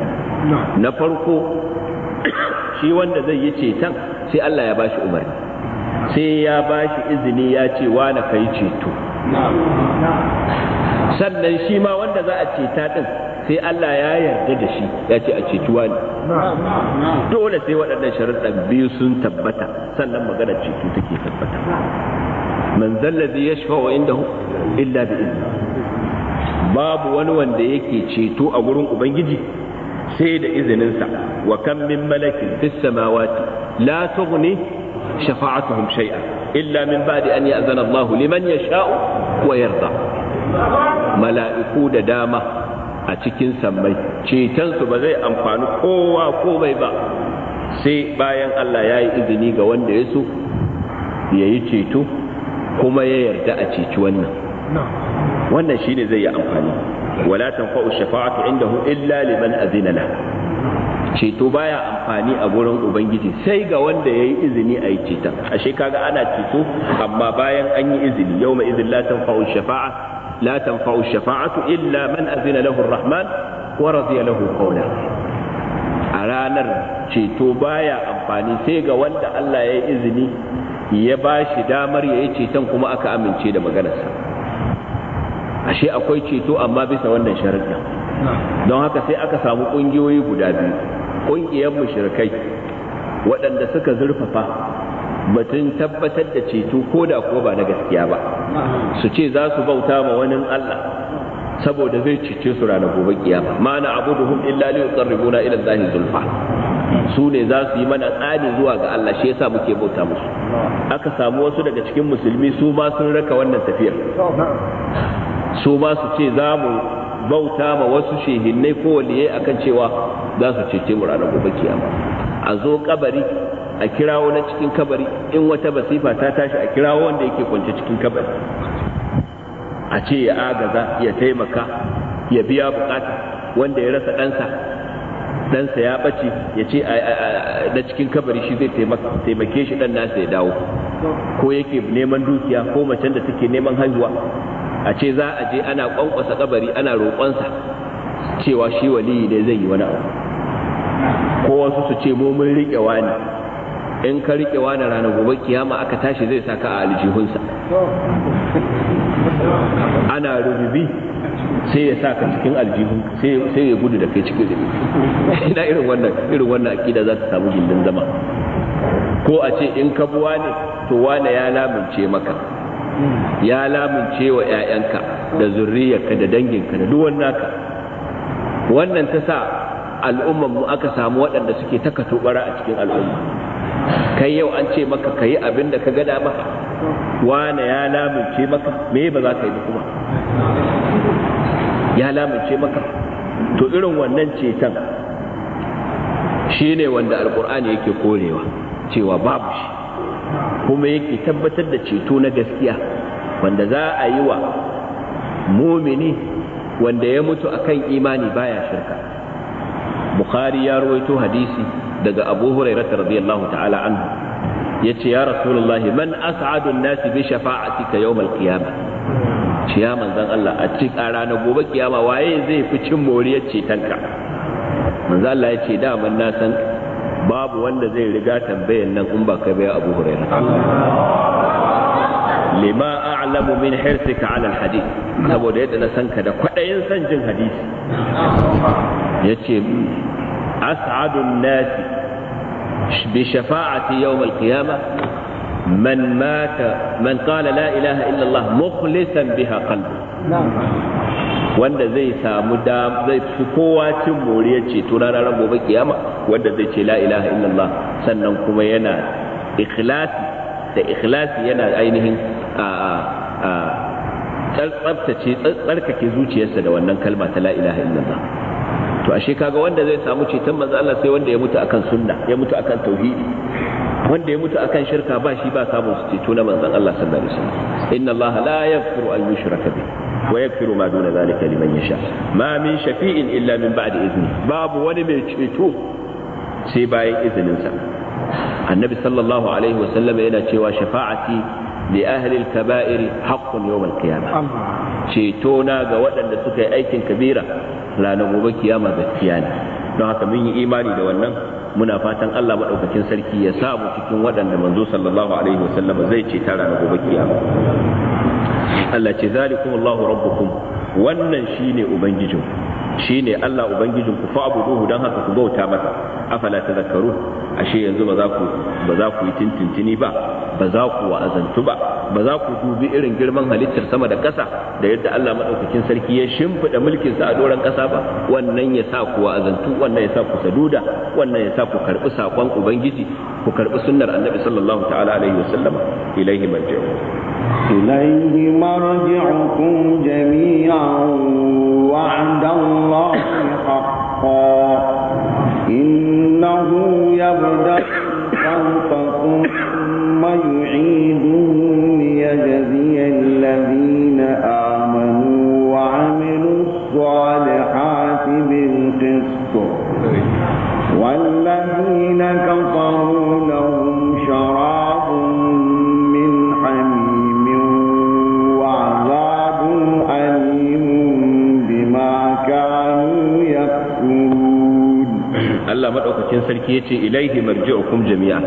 [SPEAKER 1] na farko shi wanda zai yi ceton sai Allah ya bashi umarni sai ya bashi izini ya ce na ka ceto sannan shi ma wanda za a ceta ɗin sai Allah ya yarda da shi ya ce a wa ne dole sai waɗannan sharaɗin biyu sun tabbata sannan magana ceto take tabbata man zallazi yashfa'u indahu illa bi babu wani wanda yake ceto a gurin ubangiji sai da izininsa wa kam min malakin fis samawati la tughni shafa'atuhum shay'a illa min ba'di an ya'zana Allahu liman yasha'u wa yarda mala'iku da dama a cikin sammai cetonsu ba zai amfani kowa komai ba sai bayan Allah ya yi izini ga wanda ya so ya yi ceto kuma ya yarda a ceci wannan wannan shine zai yi amfani wala tanfa'u shafa'atu indahu illa liman azina la ceto baya amfani a gurin ubangiji sai ga wanda yayi izini a yi Ashe ka kaga ana ceto amma bayan an yi izini yawma izin la tanfa'u shafa'a la tanfa'u shafa'atu illa man azina lahu ar-rahman wa radiya lahu qawla a ranar ceto baya amfani sai ga wanda Allah ya yi izini ya ba shi damar ya yi ceton kuma aka amince da maganarsa ashe akwai ceto amma bisa wannan sharaɗin don haka sai aka samu ƙungiyoyi guda biyu ƙungiyar mushrikai waɗanda suka zurfafa batun tabbatar da ceto ko da kuwa ba na gaskiya ba su ce za su bauta ma wani Allah saboda zai cece su ranar gobe kiyama ma na hum illa li yuqarribuna ila Allah zulfa su ne za su yi mana tsani zuwa ga Allah shi yasa muke bauta musu aka samu wasu daga cikin musulmi su ma sun raka wannan tafiyar su ma su ce za mu bauta ma wasu shehinnai ko waliye akan cewa za su cece mu ranar gobe kiyama a zo kabari a kirawo na cikin kabari in wata basifa ta tashi a kirawo wanda yake kwance cikin kabari a ce ya agaza ya taimaka ya biya bukata wanda ya rasa ɗansa ɗansa ya ɓace ya ce na cikin kabari shi zai taimake shi ɗan nasa ya dawo ko yake neman dukiya ko macen da take neman haihuwa a ce za a je ana ƙwanƙwasa kabari ana roƙonsa cewa shi waliyi ne zai yi wani abu ko wasu su ce mu mun riƙe wani in ka riƙe wani ranar gobe kiyama aka tashi zai saka a aljihunsa ana rububi sai ya sa ka cikin aljihu sai ya gudu da kai cikin jini ina irin wannan irin wannan akida za ta samu gindin zama ko a ce in ka buwa ne to wane ya lamince maka ya lamince wa 'ya'yanka da zurriyarka da danginka da duwan naka wannan ta sa al'umman mu aka samu waɗanda suke ta katobara a cikin al'umma kai yau an ce maka ka yi abin da ka gada maka wane ya lamince maka me ba za ka yi kuma ya lamince maka to irin wannan ceton shine wanda alkur'ani yake korewa cewa babu shi kuma yake tabbatar da ceto na gaskiya wanda za a yi wa mumini wanda ya mutu akan imani baya shirka bukhari ya rawaito hadisi daga abu hurairah radiyallahu ta'ala anhu yace ya rasulullahi man as'adu an-nas bi shafa'atika yawm al-qiyamah ce ya manzan Allah a cikin a ranar gobe kiyama waye zai fi cin moriyar cetonka manzan Allah ya ce daman na san babu wanda zai riga tambayan nan in ba ka bai Abu Hurairah lima a'lamu min hirsika ala alhadith saboda yadda na san ka da kwadayin san jin hadisi yace as'adun nasi bi shafa'ati yawm alqiyamah man mata man اله la ilaha مخلصا بها biha qalbi wanda zai samu da zai fi kowa cin moriyar ceto ranar gobe kiyama wanda zai ce la ilaha illallah sannan kuma yana ikhlasi da ikhlasi yana ainihin a a tsabtace tsarkake zuciyarsa da wannan kalma ta la ilaha illallah to ashe kaga wanda zai samu ceton manzo Allah sai wanda ya mutu akan sunna ya mutu akan tauhidi wanda ya mutu akan shirka ba shi ba samun su ceto na manzon Allah sallallahu alaihi wasallam inna Allah la yaghfiru an yushraka bihi wa yaghfiru ma duna zalika liman yasha ma min shafi'in illa min ba'di izni babu wani mai ceto sai bayan izinin sa annabi sallallahu alaihi wasallam yana cewa shafa'ati li ahli al-kaba'ir haqqun yawm al-qiyamah ceto na ga waɗanda suka yi aikin kabira ranar gobe kiyama gaskiya ne don haka mun yi imani da wannan muna fatan Allah maɗaukakin sarki ya samu cikin waɗanda manzo sallallahu alaihi wasallam zai ce tara na gobe kiyama Allah ce zalikum Allahu rabbukum wannan shine ubangijinku shine Allah ubangijinku fa abuduhu dan haka ku bauta masa afala tazakkaru ashe yanzu ba za ku ba za ku yi tintintini ba ba za ku wa'azantu ba ba za ku dubi irin girman halittar sama da ƙasa da yadda Allah madaukakin sarki ya shimfida mulkin sa a doran ƙasa ba wannan ya sa ku wa'azantu wannan ya sa ku saduda wannan ya sa ku karbi sakon ubangiji ku karbi sunnar annabi sallallahu ta'ala alaihi wasallama ilaihi marji'u
[SPEAKER 2] ilaihi marji'ukum jami'an وعد الله حقا إنه يبدأ الخلق ثم يعيده ليجزي الذين آمنوا وعملوا الصالحات بالقسط والذين كفروا
[SPEAKER 1] maɗaukacin sarki ya ce ilaihi marji'ukum jami'a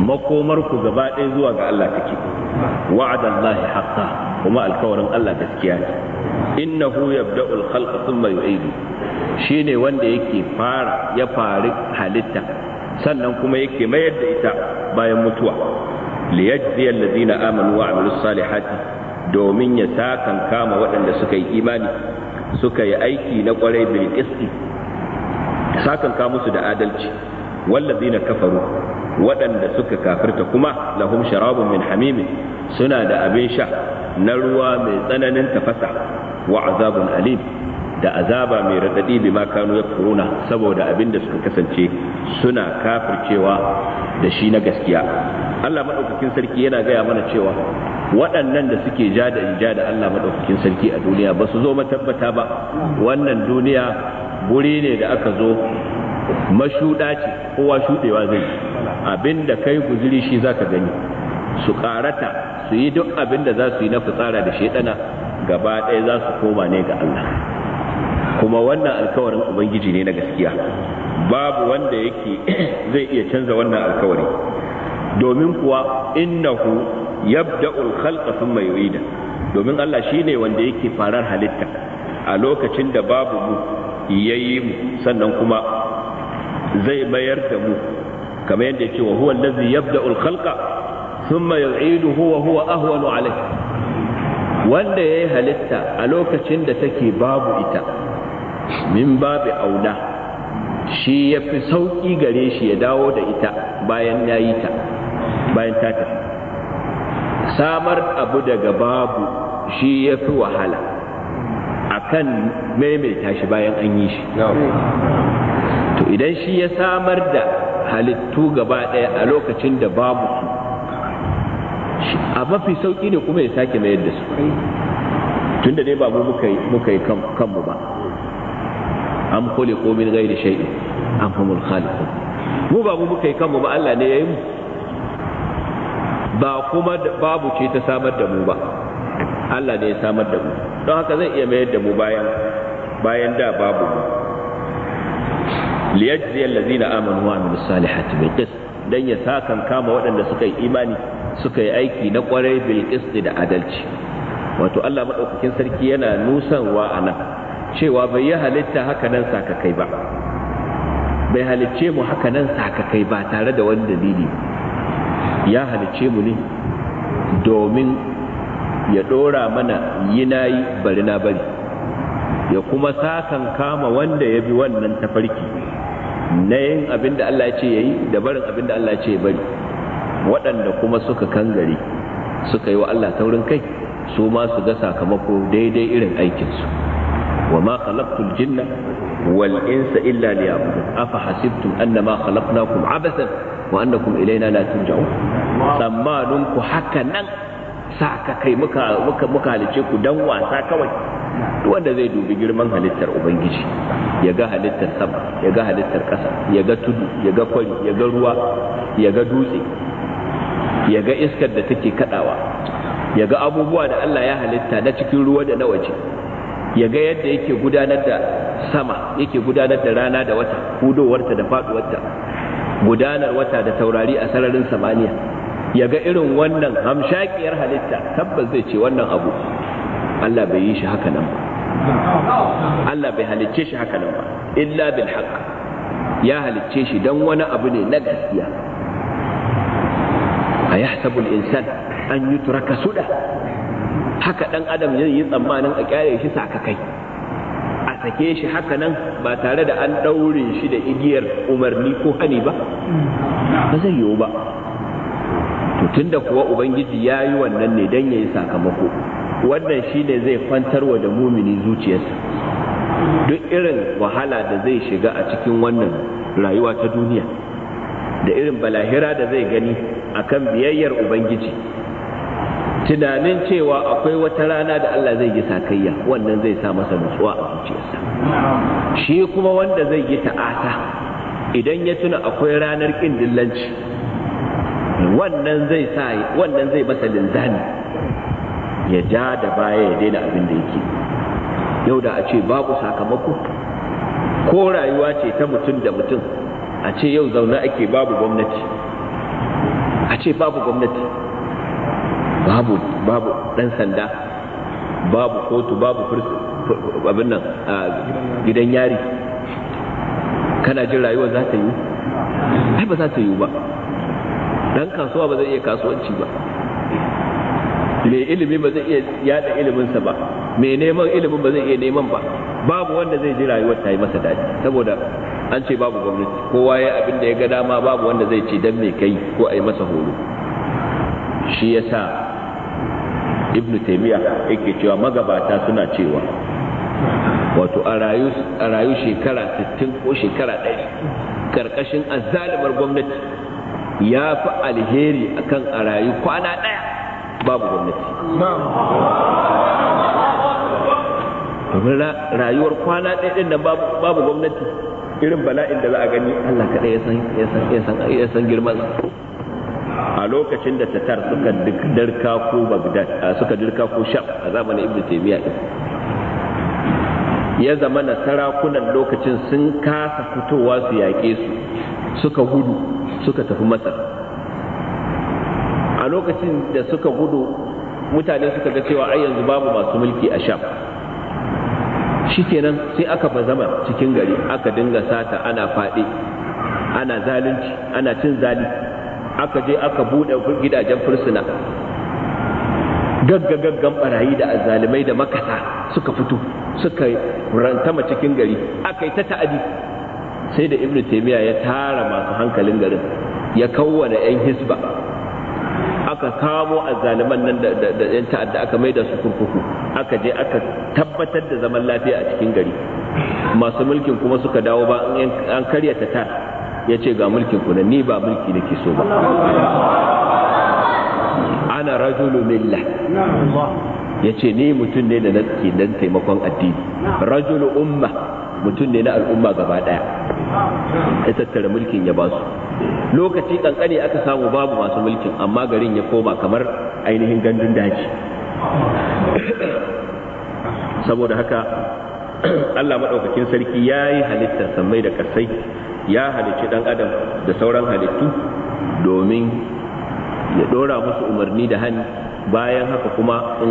[SPEAKER 1] makomar ku gaba ɗaya zuwa ga Allah take wa'adallahi haqqan kuma alkawarin Allah gaskiya ne innahu yabda'u al-khalqa thumma yu'idu shine wanda yake fara ya fari halitta sannan kuma yake mayar da ita bayan mutuwa liyajzi alladhina amanu wa amilus salihati domin ya sakan kama waɗanda suka yi imani suka yi aiki na kwarai bil qisti sakan ka musu da adalci na kafaru waɗanda suka kafirta kuma lahum sharabun min hamimin suna da abin sha na ruwa mai tsananin tafasa wa azabun alim da azaba mai raɗaɗi bi ma kanu ya furuna saboda abin da suka kasance suna kafircewa da shi na gaskiya Allah maɗaukakin sarki yana gaya mana cewa waɗannan da suke ja da inja da Allah maɗaukakin sarki a duniya ba su zo matabbata ba wannan duniya guri ne da aka zo mashuɗa ce kowa shuɗewa zai abin da kai guziri shi za ka gani su ƙarata su yi duk abin da za su yi na fitsara da shaidana gaba ɗaya za su koma ne ga Allah kuma wannan alkawarin ubangiji ne na gaskiya babu wanda yake zai iya canza wannan alkawari domin kuwa innahu yabda'ul khalqa thumma yurida domin Allah shine wanda yake farar halitta a lokacin da babu mu Ya yi mu sannan kuma zai mayar da mu kamar yadda yake wa huwa allazi yabda'u al-khalqa thumma yu'iduhu wa huwa ahwanu alayhi wanda yayi halitta a lokacin da take babu ita min babu aula shi ya fi sauƙi gare shi ya dawo da ita bayan ya yi ta bayan ta tafi samar abu daga babu shi ya fi wahala kan maimaita shi bayan an yi shi to idan shi ya samar da halittu gaba ɗaya a lokacin da babu su a mafi sauƙi ne kuma ya sake mayar da su tun da dai ba mu muka yi kanmu ba an kule komin gai da shaiɗi an mu ba mu muka yi kanmu ba Allah ne ya yi mu ba kuma babu ce ta samar da mu ba Allah ne ya samar da mu don haka zai iya mayar da mu bayan bayan da babu mu liyajzi allazina amanu wa amilus salihati bil qist dan ya sakan kama waɗanda suka yi imani suka yi aiki na kwarai bil qist da adalci wato Allah madaukakin sarki yana nusanwa a nan cewa bai yi halitta haka nan sakakai ba bai halicce mu haka nan sakakai ba tare da wani dalili ya halicce mu ne domin ya ɗora mana yi na yi bari na bari ya kuma sakan kama wanda ya bi wannan tafarki na yin abin da Allah ce ya yi da barin abin da Allah ce ya bari waɗanda kuma suka kangare suka yi wa Allah taurin kai su ma su ga sakamako daidai irin aikinsu wa ma khalaqtul jinna wal insa illa liya'budun afa hasibtum annama khalaqnakum abasan wa annakum ilaina la turja'un tsammanin ku haka nan sa ka kai muka muka halice ku dan wasa kawai wanda zai dubi girman halittar ubangiji ya ga halittar sama ya ga halittar ƙasa ya ga tudu ya ga kwari ya ga ruwa ya ga dutse ya ga iskar da take kadawa ya ga abubuwa da Allah ya halitta na cikin ruwa da na waje ya ga yadda yake gudanar da sama yake gudanar da rana da wata hudowarta da faduwarta gudanar wata da taurari a sararin samaniya ya ga irin wannan hamshakiyar halitta tabbas zai ce wannan abu Allah bai yi shi haka nan ba Allah bai halicce shi haka nan ba illa bil haqq ya halicce shi dan wani abu ne na gaskiya a yahsabu al insan an yutraka suda haka dan adam yi tsammanin a kyare shi sakakai a sake shi haka nan ba tare da an daure shi da igiyar umarni ko hani ba ba zai yiwu ba to tunda kuwa ubangiji ya yi wannan ne don ya yi sakamako wannan shi ne zai kwantarwa da mumini zuciyarsa duk irin wahala da zai shiga a cikin wannan rayuwa ta duniya da irin balahira da zai gani akan biyayyar ubangiji tunanin cewa akwai wata rana da Allah zai yi sakayya wannan zai sa masa nutsuwa a zuciyarsa shi kuma wanda zai yi ta'asa idan ya tuna akwai ranar ƙin dillanci wannan zai sa wannan zai masa linzani ya ja da baya ya daina abin da yake yau da a ce babu sakamako ko rayuwa ce ta mutum da mutum a ce yau zauna ake babu gwamnati a ce babu gwamnati babu babu dan sanda babu kotu babu abin nan gidan yari kana jin rayuwa za ta yi ai ba za ta yi ba dan kasuwa ba zai iya kasuwanci ba mai ilimi ba zai iya yada iliminsa ba mai neman ilimin ba zai iya neman ba babu wanda zai ji rayuwar ta yi masa daɗi saboda an ce babu gwamnati kowa ya abin da ya ga dama babu wanda zai ce dan mai kai ko a yi masa horo shi yasa ibnu taymiya yake cewa magabata suna cewa wato a rayu shekara 60 ko shekara 100 karkashin azzalimar gwamnati ya fi alheri akan a rayu kwana ɗaya babu gwamnati domin rayuwar kwana ɗaya ɗin da babu gwamnati irin bala'in da za a gani Allah kaɗai ya san girman a lokacin da tatar suka dirka ko bagdad suka dirka ko sham a zamanin ibn taymiya ya zama na sarakunan lokacin sun kasa fitowa su yaƙe su suka gudu suka tafi masar a lokacin da suka gudu mutane suka ga cewa ai yanzu babu masu mulki a sham shikenan sai aka bazama cikin gari aka dinga sata ana faɗi ana zalunci ana cin zali aka je aka buɗe gidajen fursuna gagga gaggan barayi da azalimai da makasa suka fito suka rantama cikin gari aka yi ta ta'adi sai da ibnu taymiya ya tara masu hankalin garin ya kawwana yan hisba aka kamo azzaliman nan da yan ta'adda aka maida su kurkuku aka je aka tabbatar da zaman lafiya a cikin gari masu mulkin kuma suka dawo ba an karya ta ta ya ce ga mulkin ku ni ba mulki nake so ba ana rajulu milla ya ce ni mutum ne da nake dan taimakon addini rajulu umma mutum ne na al'umma gaba daya ya tattara mulkin ya basu lokaci kankane aka samu babu masu mulkin amma garin ya koma kamar ainihin gandun daji saboda haka Allah maɗaukakin sarki ya yi halittar sammai da ƙasai ya halicci ɗan adam da sauran halittu domin ya ɗora musu umarni da hannu bayan haka kuma in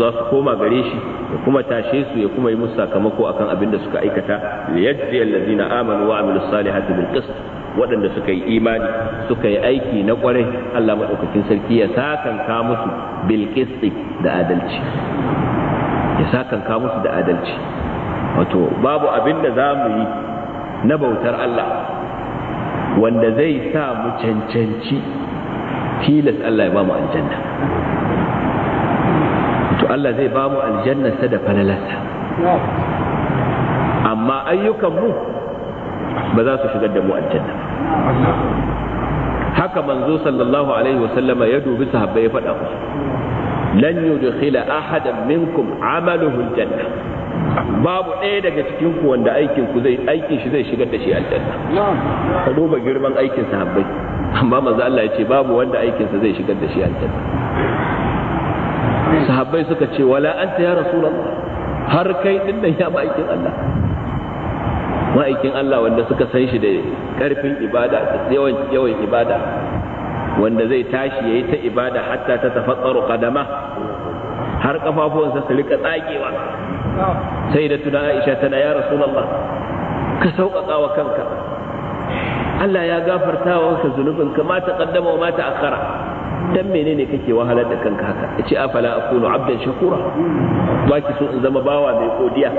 [SPEAKER 1] za su koma gare shi ya kuma tashe su ya kuma yi musu sakamako akan abin da suka aikata liyajzi na amanu wa amilus salihati bil qist waɗanda suka yi imani suka yi aiki na ƙwarai. Allah maɗaukakin sarki ya sakanka musu bil qist da adalci ya sakanka musu da adalci wato babu abin da za mu yi na bautar Allah wanda zai sa mu cancanci tilas Allah ya ba mu aljanna Allah zai ba mu aljannarsa da falalarsa amma ayyukan mu ba za su shigar da mu aljanna haka manzo sallallahu alaihi wasallama ya dubi sahabbai ya faɗa musu lan yudkhila ahadan minkum amaluhu aljanna babu ɗaya daga cikin ku wanda aikin ku zai aikin shi zai shigar da shi aljanna ka duba girman aikin sahabbai amma manzo Allah ya ce babu wanda aikinsa zai shigar da shi aljanna sahabbai suka ce wala anta ya rasulullah har kai din nan ya ma'aikin Allah ma'aikin Allah wanda suka san shi da karfin ibada da yawan yawan ibada wanda zai tashi yayi ta ibada hatta ta tafatsaru qadama har kafafuwansa su rika tsagewa sai da tuna Aisha tana ya rasulullah ka sauƙaƙa wa kanka Allah ya gafarta wa ka zunubinka ma ta kaddama wa ma akhara dan menene kake wahalar da kanka haka yace afala akunu abdan shakura ba ki so in zama bawa mai godiya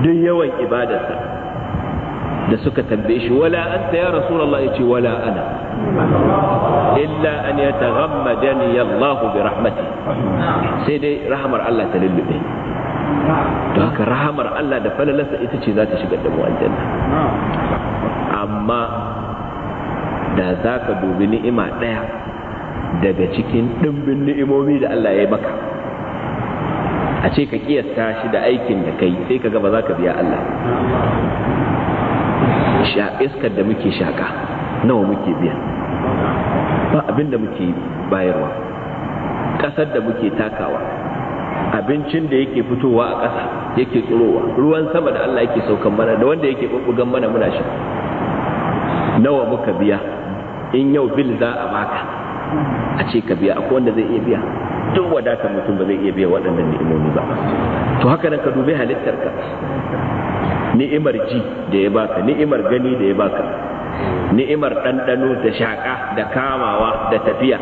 [SPEAKER 1] duk yawan ibadarsa da suka tambaye shi wala anta ya rasulullah yace wala ana illa an yataghammadani Allah bi rahmati sai dai rahmar Allah ta lullube don haka rahamar Allah da falalarsa ita ce za ta shigar da mu aljanna amma da za ka dubi ni'ima ɗaya daga cikin ɗimbin ni'imomi da Allah ya maka a ce ka kiyasta shi da aikin da kai sai ka ga ba za ka biya Allah iskar da muke shaka nawa muke biya ba abin da muke bayarwa ƙasar da muke takawa abincin da yake fitowa a ƙasa yake tsirowa ruwan sama da Allah yake saukan mana da wanda yake bubbugan mana muna shi nawa muka biya in yau bil za a baka a ce ka biya akwai wanda zai iya biya duk wadatar mutum ba zai iya biya waɗannan ni'imomi ba to haka nan ka dubi halittarka ni'imar ji da ya baka ni'imar gani da ya baka ni'imar ɗanɗano da shaƙa da kamawa da tafiya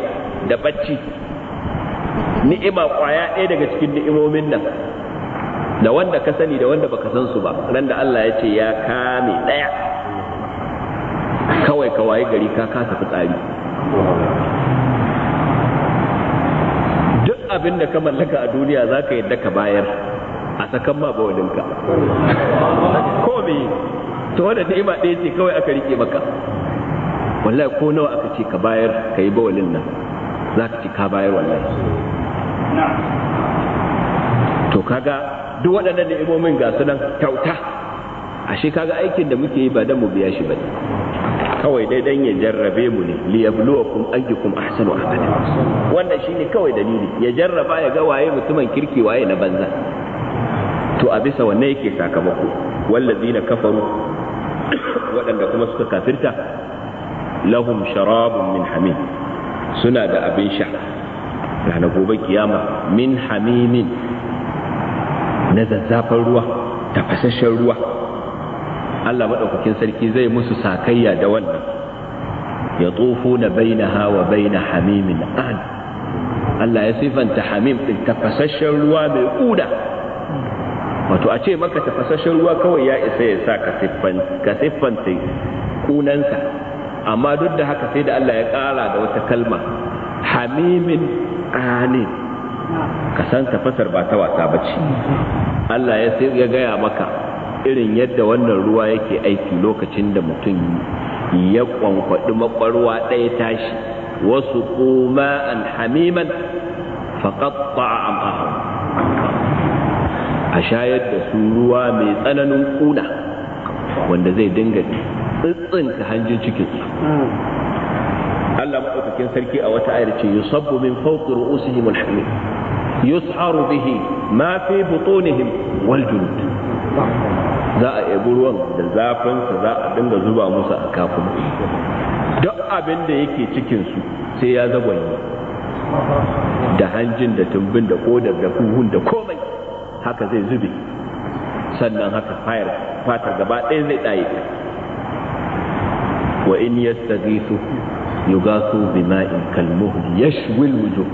[SPEAKER 1] da bacci ni'ima ƙwaya ɗaya daga cikin ni'imomin nan da wanda ka sani da wanda baka san su ba ran da Allah ya ce ya kame ɗaya kawai ka waye gari ka kasa fitsari abin da ka mallaka a duniya za ka yadda ka bayar a sakan ma bawalinka ko me to wannan ni'ima ɗaya ce kawai aka rike maka wallahi ko nawa aka ce ka bayar ka yi bawalin nan za ka ce ka bayar wallahi to kaga duk waɗannan ni'imomin ga su nan kyauta ashe kaga aikin da muke yi ba dan mu biya shi ba kawai dai dan ya jarrabe mu ne li yabluwakum ayyukum ahsanu amala wannan shine kawai dalili ya jarraba ya ga waye mutumin kirki waye na banza to a bisa wannan yake sakamako wallazina kafaru waɗanda kuma suka kafirta lahum sharabun min hamim suna da abin sha rana gobe kiyama min hamimin na zazzafan ruwa tafasasshen ruwa Allah maɗaukakin sarki zai musu sakayya da wannan ya na bai na hawa bai na hamimin an Allah ya sifanta hamim ɗin tafasasshen ruwa mai ƙuda wato a ce maka tafasasshen ruwa kawai ya isa ya sa ka siffanta kunansa amma duk da haka sai da Allah ya ƙara da wata kalma hamimin anin ka san tafasar ba ta wasa ba ce Allah ya gaya maka irin yadda wannan ruwa yake aiki lokacin da mutum ya kwankwaɗi makwarwa ɗaya tashi wasu kuma an hamiman faƙaƙa amahu a shayar da su ruwa mai tsananin ƙuna wanda zai dinga ta hanjin cikinsu Allah maɗaukakin sarki a wata ayar ce yusabbu min fawqi ru'usihim al-hamim yus'aru bihi ma fi butunihim wal junud za a ebi ruwan da zafin zafinsa za a dinga zuba musu a kafin duk abin da yake cikinsu sai ya zagwanye da hanjin da tumbin da kodar da kuhun da komai haka zai zube sannan haka fayar fata gaba ɗaya zai ɗaye wa in yastaghisu yughasu bima'in kalmuhl yashwi alwujuh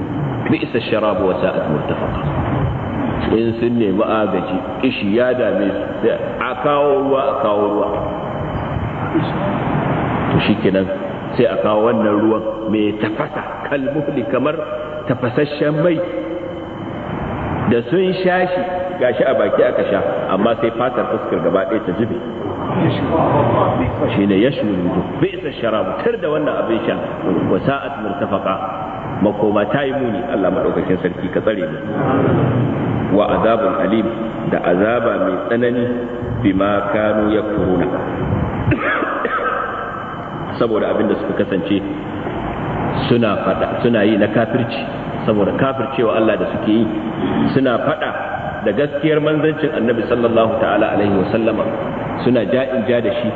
[SPEAKER 1] bi isa sharabu wa sa'at murtafaqa in sun nemi agaji kishi ya dame su a kawo ruwa a kawo ruwa to shikenan sai a kawo wannan ruwan mai tafasa kalmuhli kamar tafasasshen mai da sun sha shi gashi a baki aka sha amma sai fatar fuskar gaba ɗaya ta jibe shine ya shuru bi isa sharabu tar da wannan abin sha wa sa'at murtafaka makoma ta yi muni Allah maɗaukakin sarki ka tsare mu wa azabun alim da azaba mai tsanani bima kanu yakfuruna saboda abinda suka kasance suna fada suna yi na kafirci saboda kafircewa Allah da suke yi suna fada da gaskiyar manzancin annabi sallallahu ta'ala alaihi wasallama suna ja'in ja da shi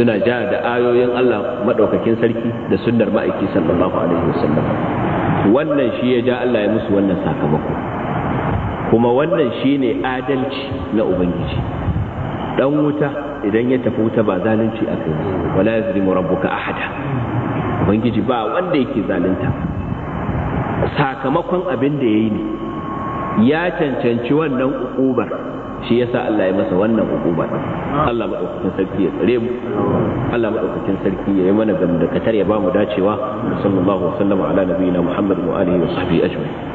[SPEAKER 1] suna ja da ayoyin Allah madaukakin sarki da sunnar ma'aiki sallallahu alaihi wasallama wannan shi ya ja Allah ya musu wannan sakamako kuma wannan shine adalci na ubangiji dan wuta idan ya tafi wuta ba zalunci a kai wala yazlimu rabbuka ahada ubangiji ba wanda yake zalunta sakamakon abin da yayi ne ya cancanci wannan ukubar shi yasa Allah ya masa wannan ukubar Allah madaukakin sarki ya tsare mu Allah madaukakin sarki ya yi mana gamdakatar ya ba mu dacewa sallallahu alaihi wa sallam ala nabiyina Muhammad wa alihi wa sahbihi ajma'in